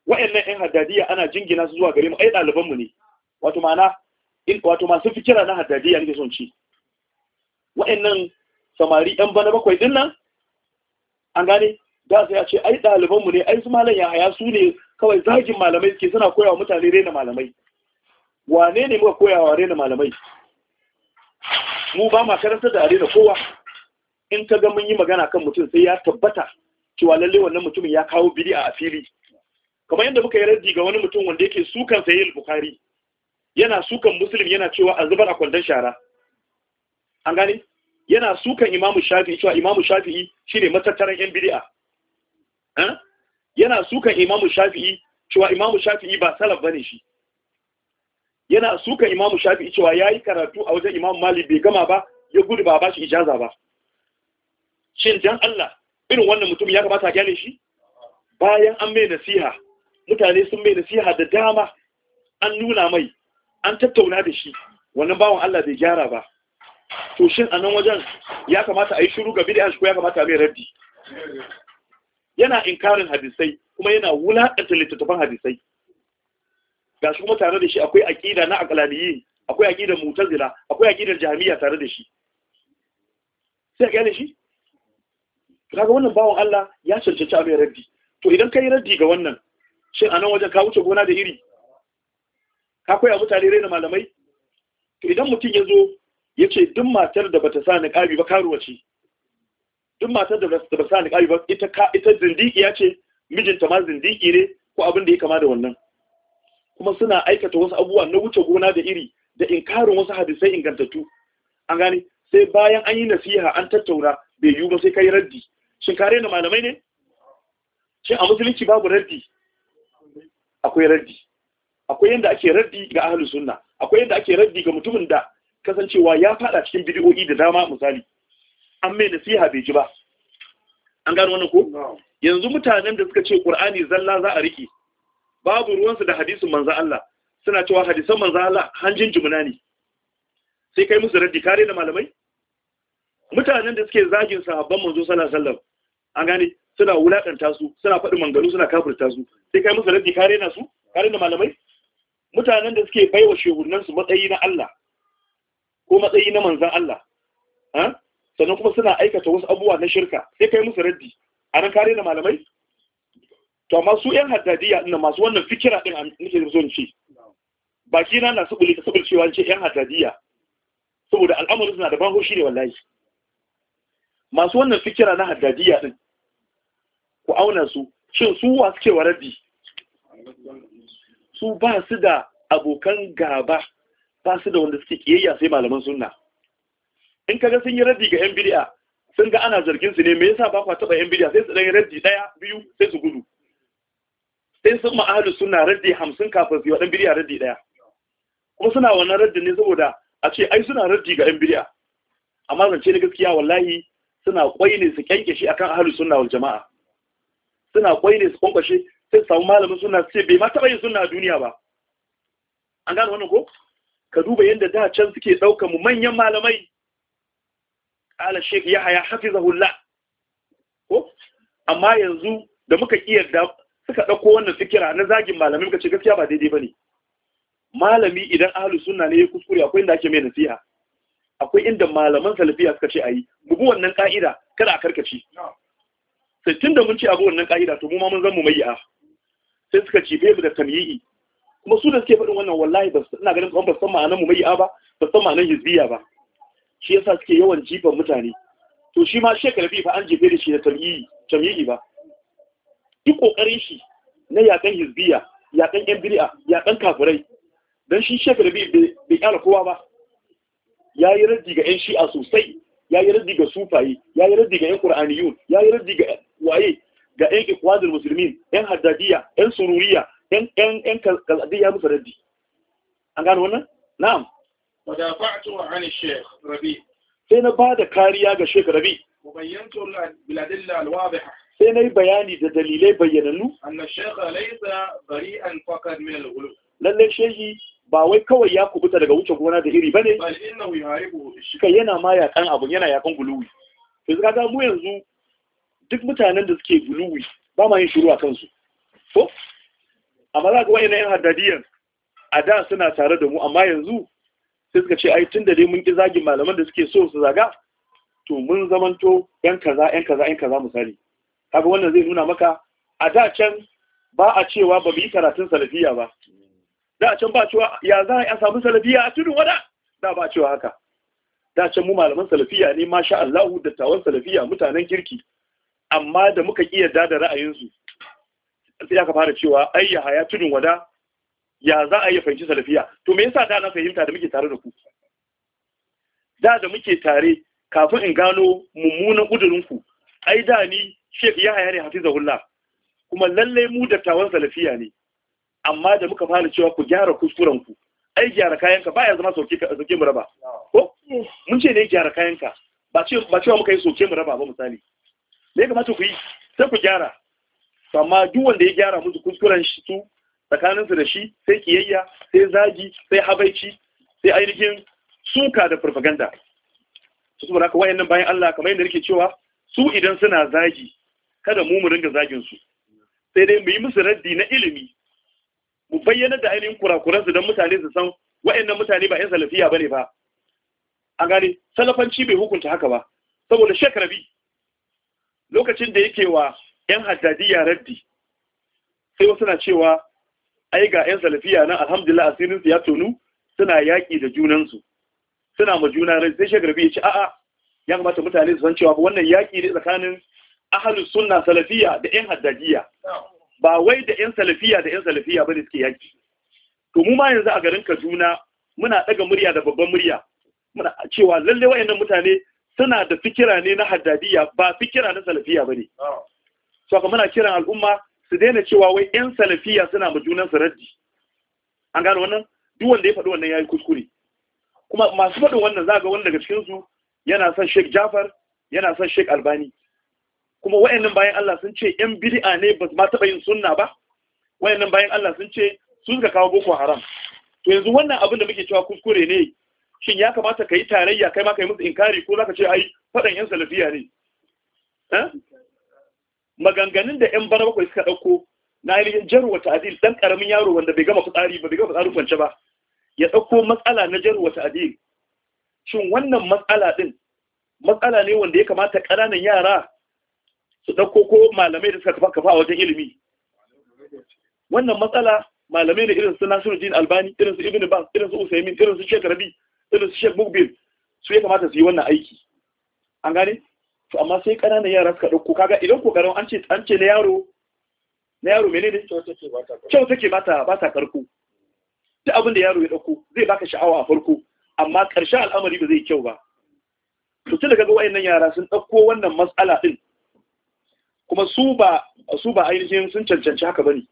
wa'annan 'yan haddadiya ana jingina su zuwa gare mu ai ɗalibanmu ne wato ma'ana wato masu fikira na haddadiya nake son ci wa'annan samari yan bana bakwai din nan an gane da su a ce ai ɗalibanmu ne ai su malam ya haya su ne kawai zagin malamai suke suna koyawa mutane rena malamai wane ne muka koyawa rena malamai mu ba ma karanta da rena kowa in ka ga mun yi magana kan mutum sai ya tabbata cewa lalle wannan mutumin ya kawo bidi'a a fili kamar yadda muka yi raddi ga wani mutum wanda yake sukan sayi bukhari yana sukan muslim yana cewa a zubar a kwandon shara an gani yana sukan imamu shafi'i cewa imamu shafi'i shine matattaran yan bid'a eh? yana sukan imamu shafi'i cewa imamu shafi'i ba salaf ne shi yana sukan imamu shafi'i cewa yayi karatu a wajen imamu malik bai gama ba ya gudu ba ba shi ijaza ba shin dan Allah irin wannan mutum ya kamata a gane shi bayan an mai nasiha mutane sun mai nasiha da dama an nuna mai an tattauna da shi wannan bawan Allah bai gyara ba to shin a nan wajen ya kamata a yi shiru ga bid'a shi ko ya kamata a mai raddi yana inkarin hadisai kuma yana wulakanta littattafan hadisai ga shi kuma tare da shi akwai aqida na aqlaniyi akwai aqidar mu'tazila akwai aqidar jahmiya tare da shi sai ga shi kaga wannan bawan Allah ya cancanci a mai raddi to idan kai raddi ga wannan shin a nan wajen ka wuce gona da iri ka koya mutane raina malamai to idan mutum ya zo ya ce duk matar da bata sa kabi ba karuwa ce duk matar da bata sa kabi ba ita ka ita ce mijinta ma zindiki ne ko abin da ya kama da wannan kuma suna aikata wasu abubuwa na wuce gona da iri da inkarin wasu hadisai ingantattu an gane sai bayan an yi nasiha an tattauna bai yiwu ba sai kai raddi shin kare na malamai ne shin a musulunci babu raddi akwai raddi akwai yanda ake raddi ga ahlus sunna akwai yanda ake raddi ga mutumin da kasancewa ya fada cikin bid'o'i da dama misali an mai nasiha bai ji ba an gano wannan ko yanzu mutanen da suka ce qur'ani zalla za a rike babu ruwansu da hadisin manzo Allah suna cewa hadisan manzo Allah hanjin jumuna ne sai kai musu raddi kare da malamai mutanen da suke zagin sahabban manzo sallallahu alaihi wasallam an gane suna wulakanta su suna faɗi mangaru suna kafirta su sai kai musu raddi kare na su kare da malamai mutanen da suke baiwa su matsayi na Allah ko matsayi na manzan Allah sannan kuma suna aikata wasu abubuwa na shirka sai kai musu raddi a nan kare na malamai to amma su yan haddadiya ina masu wannan fikira din nake so in ce baki na na subuli ta cewa ce yan haddadiya saboda al'amarin suna da ban hoshi ne wallahi masu wannan fikira na haddadiya din ku auna su shin su wa suke wa raddi su ba su da abokan gaba ba su da wanda suke kiyayya sai malaman sunna in kaga sun yi raddi ga yan bid'a sun ga ana zargin su ne me yasa ba kwa taba yan bid'a sai su dan raddi daya biyu sai su gudu sai sun ma'ahalu suna raddi hamsin kafin su yi waɗan bid'a raddi daya kuma suna wannan raddi ne saboda a ce ai suna raddi ga yan bid'a amma zance na gaskiya wallahi suna kwai ne su kyanke akan ahli sunna wal jama'a suna kwai ne su kwankwashe sai samu malamin suna ce bai ma taɓa yin suna duniya ba an gane wannan ko ka duba yadda da can suke ɗaukan mu manyan malamai ala shek ya haya ko amma yanzu da muka kiyarda suka ɗauko wannan fikira na zagin malamai muka ce gaskiya ba daidai ba ne malami idan ahalu suna ne ya kuskure akwai inda ake mai nasiha akwai inda malaman salafiya suka ce ayi mu bi wannan ka'ida kada a karkace sai tunda mun ce abu wannan ka'ida to mu ma mun zan mu mai'a sai suka cibe mu da tamyi'i kuma su da suke faɗin wannan wallahi ba ina ganin ba san ma'anar mu mai'a ba ba san ma'anar hizbiya ba shi yasa suke yawan jifan mutane to shi ma shekara bi fa an jefe da shi da tamyi'i tamyi'i ba duk kokarin shi na yakan hizbiya yakan yan bid'a yakan kafirai dan shi shekara bi bai kyara kowa ba Ya yi raddi ga yan shi'a sosai ya yi raddi ga sufaye, ya yi raddi ga yan qur'aniyun yi raddi ga waye ga ƴan ikwadul musulmin ƴan haddadiya ƴan sururiya ƴan ƴan ƴan kaladiya musu raddi an gano wannan na'am wadafa'tu an shaykh rabi sai na bada kariya ga shaykh rabi وبينته بالأدلة الواضحة sai na yi bayani da dalilai bayyanannu lallai shehi ba wai kawai ya kubuta daga wuce gona da iri ba ne shika yana ma yakan abun yana yakan guluwi to zaka ga mu yanzu duk mutanen da suke guluwi ba ma yin shuru a kansu ko amma za ga wayannan yan haddadiyan a da suna tare da mu amma yanzu sai suka ce ai tunda dai mun ki zagin malaman da suke so su zaga to mun zamanto yan kaza yan kaza yan kaza misali kaga wannan zai nuna maka a da can ba a cewa ba yi karatun salafiya ba da a can ba cewa ya za a samu salafiya a tudun wada da ba cewa haka da can mu malaman salafiya ne masha Allahu dattawan salafiya mutanen kirki amma da muka iya da ra'ayinsu sai aka fara cewa ai ya haya tudun wada ya za a yi fahimci salafiya to me yasa da na fahimta da muke tare da ku da da muke tare kafin in gano mummunan gudurin ku ai da ni Sheikh Yahaya ne Hafiza hulla kuma lalle mu dattawan salafiya ne amma da muka fara cewa ku gyara kuskuren ku ai gyara kayanka baya zama sauke ka soke mu raba ko mun ce ne gyara kayanka ba ce ba cewa muka yi sauke mu raba ba misali da ya kamata ku yi sai ku gyara to amma duk wanda ya gyara musu kuskuren shi su tsakanin su da shi sai kiyayya sai zagi sai habaici sai ainihin suka da propaganda su saboda ka wayannan bayan Allah kamar yadda nake cewa su idan suna zagi kada mu mu ringa zagin su sai dai mu yi musu raddi na ilimi mu bayyana da ainihin kurakuran su don mutane su san wayannan mutane ba yan salafiya bane ba an gane salafanci bai hukunta haka ba saboda shekarabi lokacin da yake wa ‘yan haddadiya raddi sai wasu na cewa ai ga ‘yan salafiya na alhamdulillah asirin su ya tonu suna yaƙi da junansu suna ma juna rai, sai shagarbi ya ci a'a ya kamata mutane su san cewa wannan yaƙi ne tsakanin ahalus sunna salafiya da ‘yan haddadiya ba wai da ‘yan salafiya da ‘yan salafiya ba ne suke yaƙi to mu ma yanzu a garin kaduna muna ɗaga murya da babban murya muna cewa lallai wa'annan mutane suna da fikira ne na haddadiya ba fikira na salafiya ba ne ah. so kuma muna kiran al'umma su daina cewa wai yan salafiya suna ma junan su raddi an gano wannan duk wanda ya faɗi wannan yi kuskure kuma masu faɗin wannan za ga wani daga cikinsu yana son Sheikh Jafar yana son Sheikh Albani kuma wayannan bayan Allah sun ce yan bid'a ne ba ma taɓa yin sunna ba wayannan bayan Allah sun ce sun ka kawo boko haram to yanzu wannan abin da muke cewa kuskure ne shin ya kamata ka yi tarayya kai ma ka yi musu inkari ko za ka ce ai faɗan yan salafiya ne eh? maganganun da yan bana bakwai suka ɗauko na ainihin jarwa ta'adil ɗan ƙaramin yaro wanda bai gama fitsari ba bai gama fitsarin kwance ba ya ɗauko matsala na jarwa ta'adil shin wannan matsala ɗin matsala ne wanda ya kamata ƙananan yara su ɗauko ko malamai da suka kafa kafa a wajen ilimi wannan matsala malamai ne irin su Nasiruddin Albani irin su Ibn Bas irin su Usaimin irin su shekarabi irin su shek su ya kamata su yi wannan aiki an gane to amma sai ƙananan yara suka ɗauko kaga idan kokarin an ce an ce na yaro na yaro menene kyau take ba ta ba ta karko duk abin da yaro ya ɗauko zai baka sha'awa a farko amma ƙarshen al'amari ba zai kyau ba to tun da kaga wayannan yara sun ɗauko wannan matsala din kuma su ba su ba ainihin sun cancanci haka bane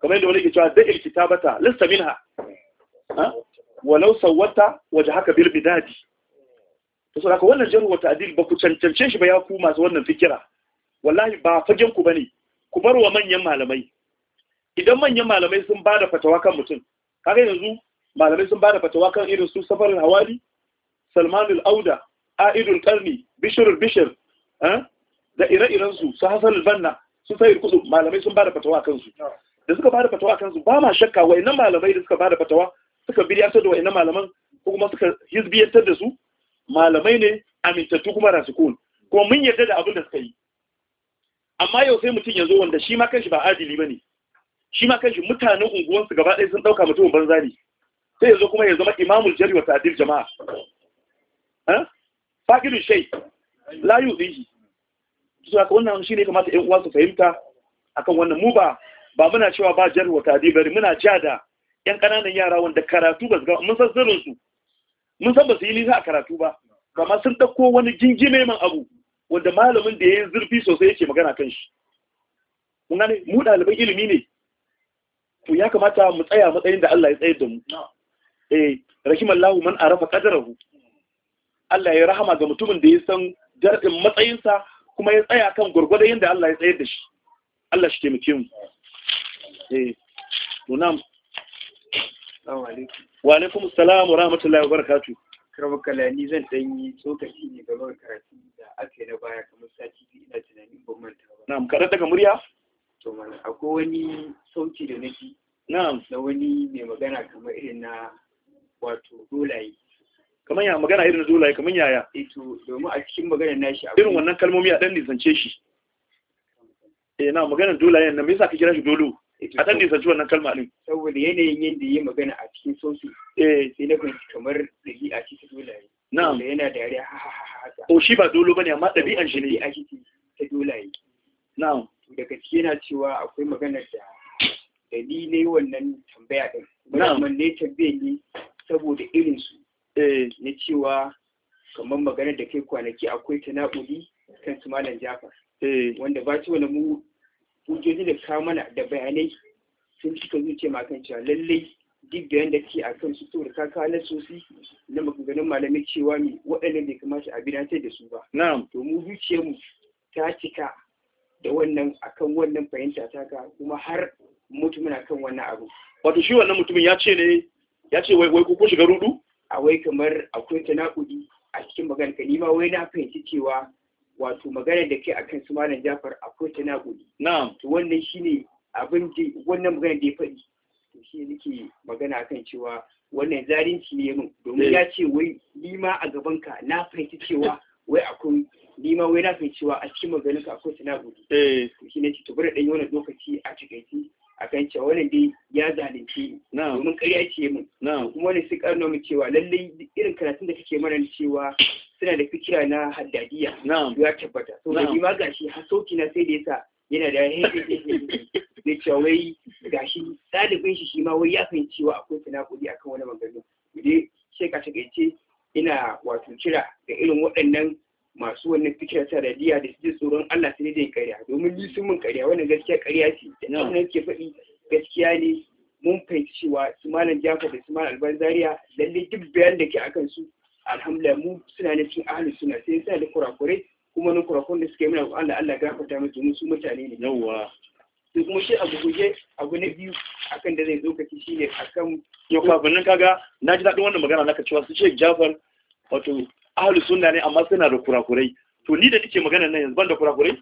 kamar yadda wani ke cewa da'il kitabata lista minha ha walau sawwata waje haka bil bidadi to so haka wannan jarhu wa ta'dil ba ku cancance shi ba ya ku masu wannan fikira wallahi ba fagen ku bane ku bar wa manyan malamai idan manyan malamai sun bada fatawa kan mutum kaga yanzu malamai sun bada fatawa kan irin su safarin hawali al auda aidul qarni al bishr eh, da ire-iren su su hasan banna su sayar kudu malamai sun bada fatawa kan su da suka bada fatawa kan su ba ma shakka wayannan malamai da suka bada fatawa suka bidiyartar da wa'annan malaman ko kuma suka hizbiyantar da su malamai ne amintattu kuma rasikun kuma mun yarda da abin da suka yi amma yau sai mutum ya zo wanda shi ma kanshi ba adili ba ne shi ma kanshi mutanen unguwansu gaba ɗaya sun ɗauka mutumin banza ne sai ya zo kuma ya zama imamul jari wa ta'adil jama'a fakirin shai layu ɗinshi su haka wannan shi ne kamata ‘yan uwa su fahimta akan wannan mu ba ba muna cewa ba jari wa ta'adil bari muna ja da yan ƙananan yara wanda karatu ba su mun san su mun san ba su yi nisa a karatu ba kama sun ɗauko wani gingime man abu wanda malamin da ya yi zurfi sosai yake magana kan shi mun gane mu ɗaliban ilimi ne to ya kamata mu tsaya matsayin da Allah ya tsayar da mu eh rahimallahu man arafa qadarahu Allah ya rahama ga mutumin da ya san dardin matsayinsa kuma ya tsaya kan gurgurdayin da Allah ya tsayar da shi Allah shi taimake mu eh to na'am Wa alaikum salam wa rahmatullahi wa barakatuh. Karbukala ni zan dan yi tsokaci ne game da karatu da aka yi na baya kamar sati biyu ina tunanin ban manta ba. Na'am kaɗan daga murya? To mana akwai wani sauti da nake. Na'am. Na wani mai magana kamar irin na wato dolaye. Kamar ya magana irin na dolaye kamar yaya? Eh to domin a cikin maganar nashi. Irin wannan kalmomi a ɗan nisance shi. Eh na maganar dolayen nan me yasa ka kira shi dolo? a dan nisanci wannan kalma din saboda yanayin yadda ya magana a cikin sosu eh sai na fahimci kamar ɗabi'a ce ta dolaye na'am da yana da ha ha ha haka o shi ba dolo bane amma ɗabi'an shi ne ɗabi'a ce ta dolaye na'am da gaske yana cewa akwai maganar da dalilai wannan tambaya din musamman ne tambaye ne saboda irin su eh. na cewa kamar maganar da kai kwanaki akwai ta tanakuli kan su malam jafar eh. wanda ba ci wani mu hujjoji da kawo mana da bayanai sun cika zuciya makan cewa lallai duk da yanda ke akan su saboda ka kawo na maganganun malamai cewa ne waɗannan bai kamata a bidantar da su ba. Na'am. To mu zuciyarmu ta cika da wannan akan wannan fahimta ta ka kuma har mutumin akan wannan abu. Wato shi wannan mutumin ya ce ne ya ce wai wai ko shiga rudu? A wai kamar akwai naƙudi a cikin magana ka ni ma wai na fahimci cewa wato magana da kai akan su malam Jafar akwai ta nagudi na'am to wannan shine abin da wannan magana da ya faɗi to shi nake magana akan cewa wannan zalunci ne min domin eh. ya ce wai nima a gaban ka na fahimci cewa wai akwai lima wai na fahimci cewa a cikin maganin ka akwai ta nagudi eh. to shi ne to bari dan yi wannan lokaci a takaice akan cewa wani dai ya zalunci domin ƙarya ce mu kuma wani sun karno mu cewa lallai irin karatun da kake mana cewa suna da fikira na haddadiya ya tabbata to ga ma gashi hasoki na sai da yasa yana da da cewa wai gashi ɗalibin shi shi ma wai ya fahimci cewa akwai tunakuri akan wani magana dai sai ka takaice ina wato kira ga irin waɗannan masu wannan fikira ta radiya da suke tsoron Allah sai dai kariya domin ni sun mun kariya wannan gaskiya kariya ce da na wannan ke faɗi gaskiya ne mun fahimci cewa su malam Jafar da su malam Alban Zaria lalle duk bayan da ke akan su alhamdulillah mu suna ne cikin ahlus sunna sai suna da kurakure kuma na kurakun da suke yi mana Allah Allah gafarta musu mu su mutane ne yawa sai kuma shi abu guje abu na biyu akan da zai zo shi ne. akan yau kafin nan kaga na ji daɗin wannan magana naka cewa su ce Jafar wato ahli sunna ne amma suna da kurakurai to ni da nake magana nan yanzu ban da kurakurai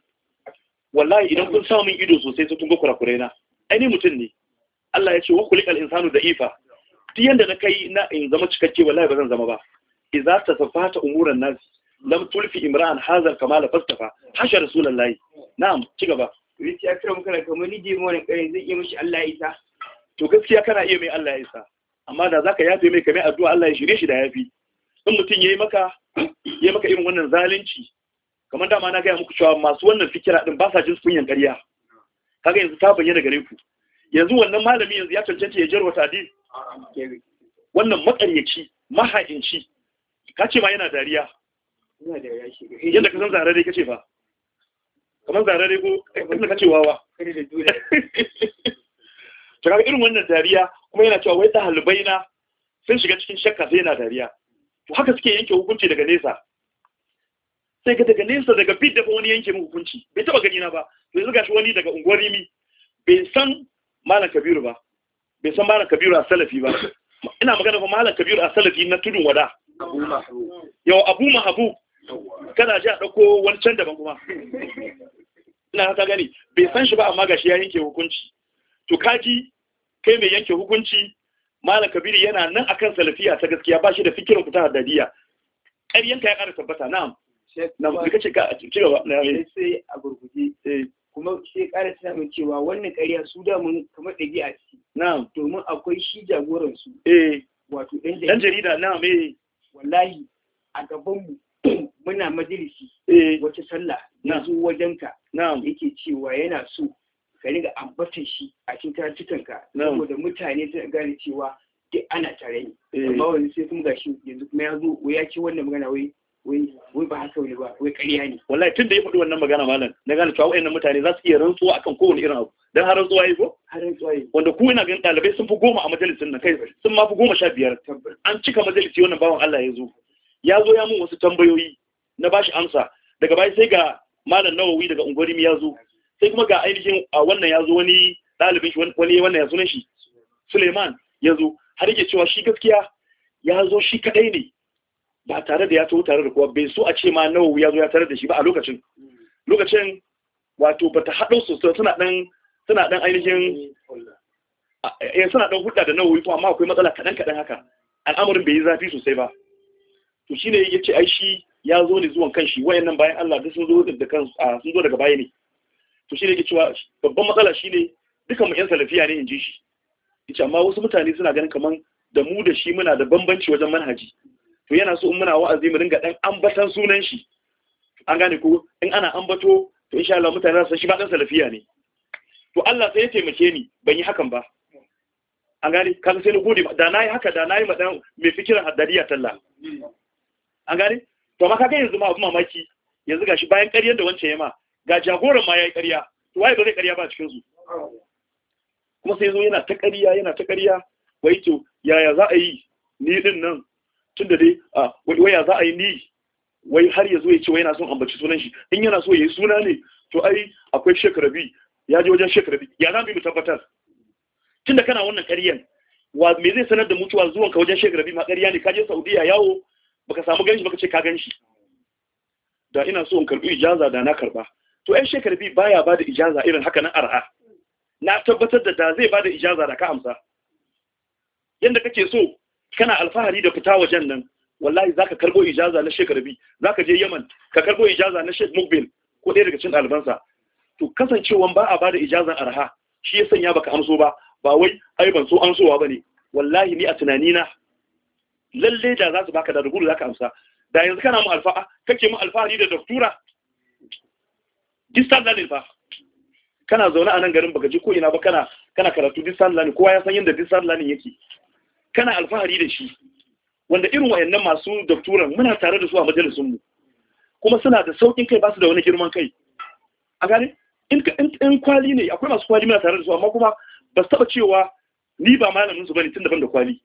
wallahi idan kun sa min ido sosai sai kun ga kurakurai na ai mutum ne Allah ya ce wa kulikal insanu da'ifa ti yanda na kai na in zama cikakke wallahi ba zan zama ba idza tasafata umuran nas lam tulfi imran hazal kamala fastafa hasha rasulullahi na'am ci gaba riti ya kira muka kamar ni je wannan kare zai iya mishi Allah ya isa to gaskiya kana iya mai Allah ya isa amma da zaka yafe mai kamar addu'a Allah ya shirye shi da yafi in mutum yi maka yi maka irin wannan zalunci kamar dama na gaya muku cewa masu wannan fikira din ba sa jin sunyan ƙarya kaga yanzu ta bayyana gare ku yanzu wannan malami yanzu ya cancanta ya jarwa din wannan makaryaci mahaɗinci ka ce ma yana dariya yadda ka san zarare ka ce fa kamar zarare ko inda ka ce wawa ta kaga irin wannan dariya kuma yana cewa wai ɗalibai na sun shiga cikin shakka sai yana dariya to haka suke yanke hukunci daga nesa sai ga daga nesa daga bid da wani yanke mu hukunci bai taba gani na ba to yanzu gashi wani daga unguwar rimi bai san malam kabiru ba bai san malam kabiru a salafi ba ina magana ba malam kabiru a salafi na tudun wada yau abu mahabu kana ji a ɗauko wani can daban kuma ina haka gani bai san shi ba amma gashi ya yanke hukunci to kaji kai mai yanke hukunci Mallam kabiru yana nan akan salafiya ta gaskiya ba shi da fikirin fita haddadiya ƙaryanka ya ƙara tabbata na mu ce ka ci gaba na yi sai a gurguje eh. kuma sai ƙara tana min cewa wannan ƙarya su da mun kamar a ciki na domin akwai shi jagoran su eh wato ɗan jarida na me. Eh. wallahi a gaban mu muna majalisi eh wace sallah na zo wajenka yake cewa yana so ka ringa ambatan shi a cikin ka saboda mutane sun gane cewa duk ana tare ne eh. amma wani sai kuma gashi yanzu kuma ya zo ya ce wannan magana wai wai ba haka wani ba wai ƙarya ne wallahi tun da ya faɗi wannan magana malam na gane cewa wayannan mutane za su iya rantsuwa akan kowane irin abu dan har rantsuwa yi ko har rantsuwa yi. wanda ku ina ganin ɗalibai sun fi goma a majalisin nan kai sun ma fi goma sha biyar an cika majalisi wannan bawan Allah ya zo ya zo ya mun wasu tambayoyi na bashi amsa daga baya sai ga malam Nawawi daga Ungwarimi ya zo sai kuma ga ainihin wannan ya zo wani ɗalibin shi wani wannan ya sunan shi suleiman ya zo har yake cewa shi gaskiya ya zo shi kadai ne ba tare da ya taho tare da kowa bai so a ce ma nawa ya zo ya tare da shi ba a lokacin lokacin wato ba ta haɗo sosai suna ɗan suna ɗan ainihin ya eh, suna ɗan hulɗa da nawa amma akwai matsala kaɗan kaɗan haka al'amarin bai yi zafi sosai ba to shine ya ce ai shi ya zo ne zuwan kanshi wayannan bayan Allah duk sun zo daga kan sun zo daga baya ne to shi ne ke cewa babban matsala shi ne dukan mu 'yan salafiya ne in ji shi yace amma wasu mutane suna ganin kamar da mu da shi muna da bambanci wajen manhaji to yana so in muna wa'azi mu dinga dan ambatan sunan shi an gane ko in ana ambato to insha Allah mutane za su shi ba dan salafiya ne to Allah sai ya taimake ni ban yi hakan ba an gane kaga sai na gode da nayi haka da nayi madan mai fikiran haddadiya talla an gane to amma kaga yanzu ma abu mamaki yanzu gashi bayan ƙaryar da wancan yema ga jagoran ma ya yi ƙarya to waye ba zai ƙarya ba cikin su kuma sai zo yana ta ƙarya yana ta ƙarya wai to yaya za a yi ni din nan tunda dai a wai ya za a yi ni wai har ya zo ya ce wai yana son ambaci sunan shi in yana so ya yi suna ne to ai akwai shekarabi ya je wajen shekarabi ya za mu tabbatar tunda kana wannan ƙaryan wa me zai sanar da mutuwa zuwanka wajen shekarabi ma ƙarya ne ka je Saudiya yawo baka samu ganshi baka ce ka ganshi da ina so in karbi ijaza da na karba to ai bi baya bada ijaza irin haka nan arha na tabbatar da da zai bada ijaza da ka amsa yanda kake so kana alfahari da fita wajen nan wallahi zaka karbo ijaza na bi zaka je Yemen ka karbo ijaza na Sheikh Mukbil ko ɗaya daga cikin albarsa. to kasancewan ba a bada ijazan arha shi ya sanya baka amso ba ba wai ai ban so amsowa bane wallahi ni a tunani na lalle da za su baka da rubutu zaka amsa da yanzu kana mu alfa'a kake mu alfahari da doktora distance learning ba kana zaune a nan garin baka je ko ina ba kana kana karatu distance learning kowa ya san yadda distance learning yake kana alfahari da shi wanda irin wayannan masu doctoran muna tare da su a majalisun mu kuma suna da saukin kai ba su da wani girman kai a gane in in kwali ne akwai masu kwali muna tare da su amma kuma ba su taba cewa ni ba malamin su bane tun daban da kwali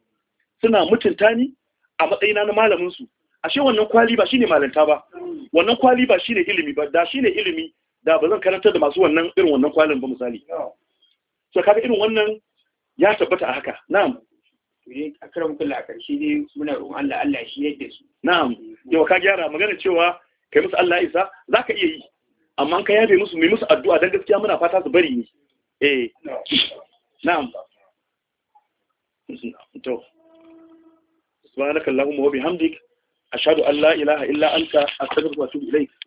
suna mutunta ni a matsayina na malamin su ashe wannan kwali ba shine malanta ba wannan kwali ba shine ilimi ba da shine ilimi da ba zan karantar da masu wannan irin wannan kwalin ba misali so kaga irin wannan ya tabbata a haka na'am a karan kula a karshe ne, muna roƙon Allah Allah shi yadda su na'am yau ka gyara magana cewa kai musu Allah isa zaka iya yi amma ka yabe musu mai musu addu'a dan gaskiya muna fata su bari ni eh na'am to subhanakallahumma wa bihamdik ashhadu an la ilaha illa anta astaghfiruka wa atubu ilaik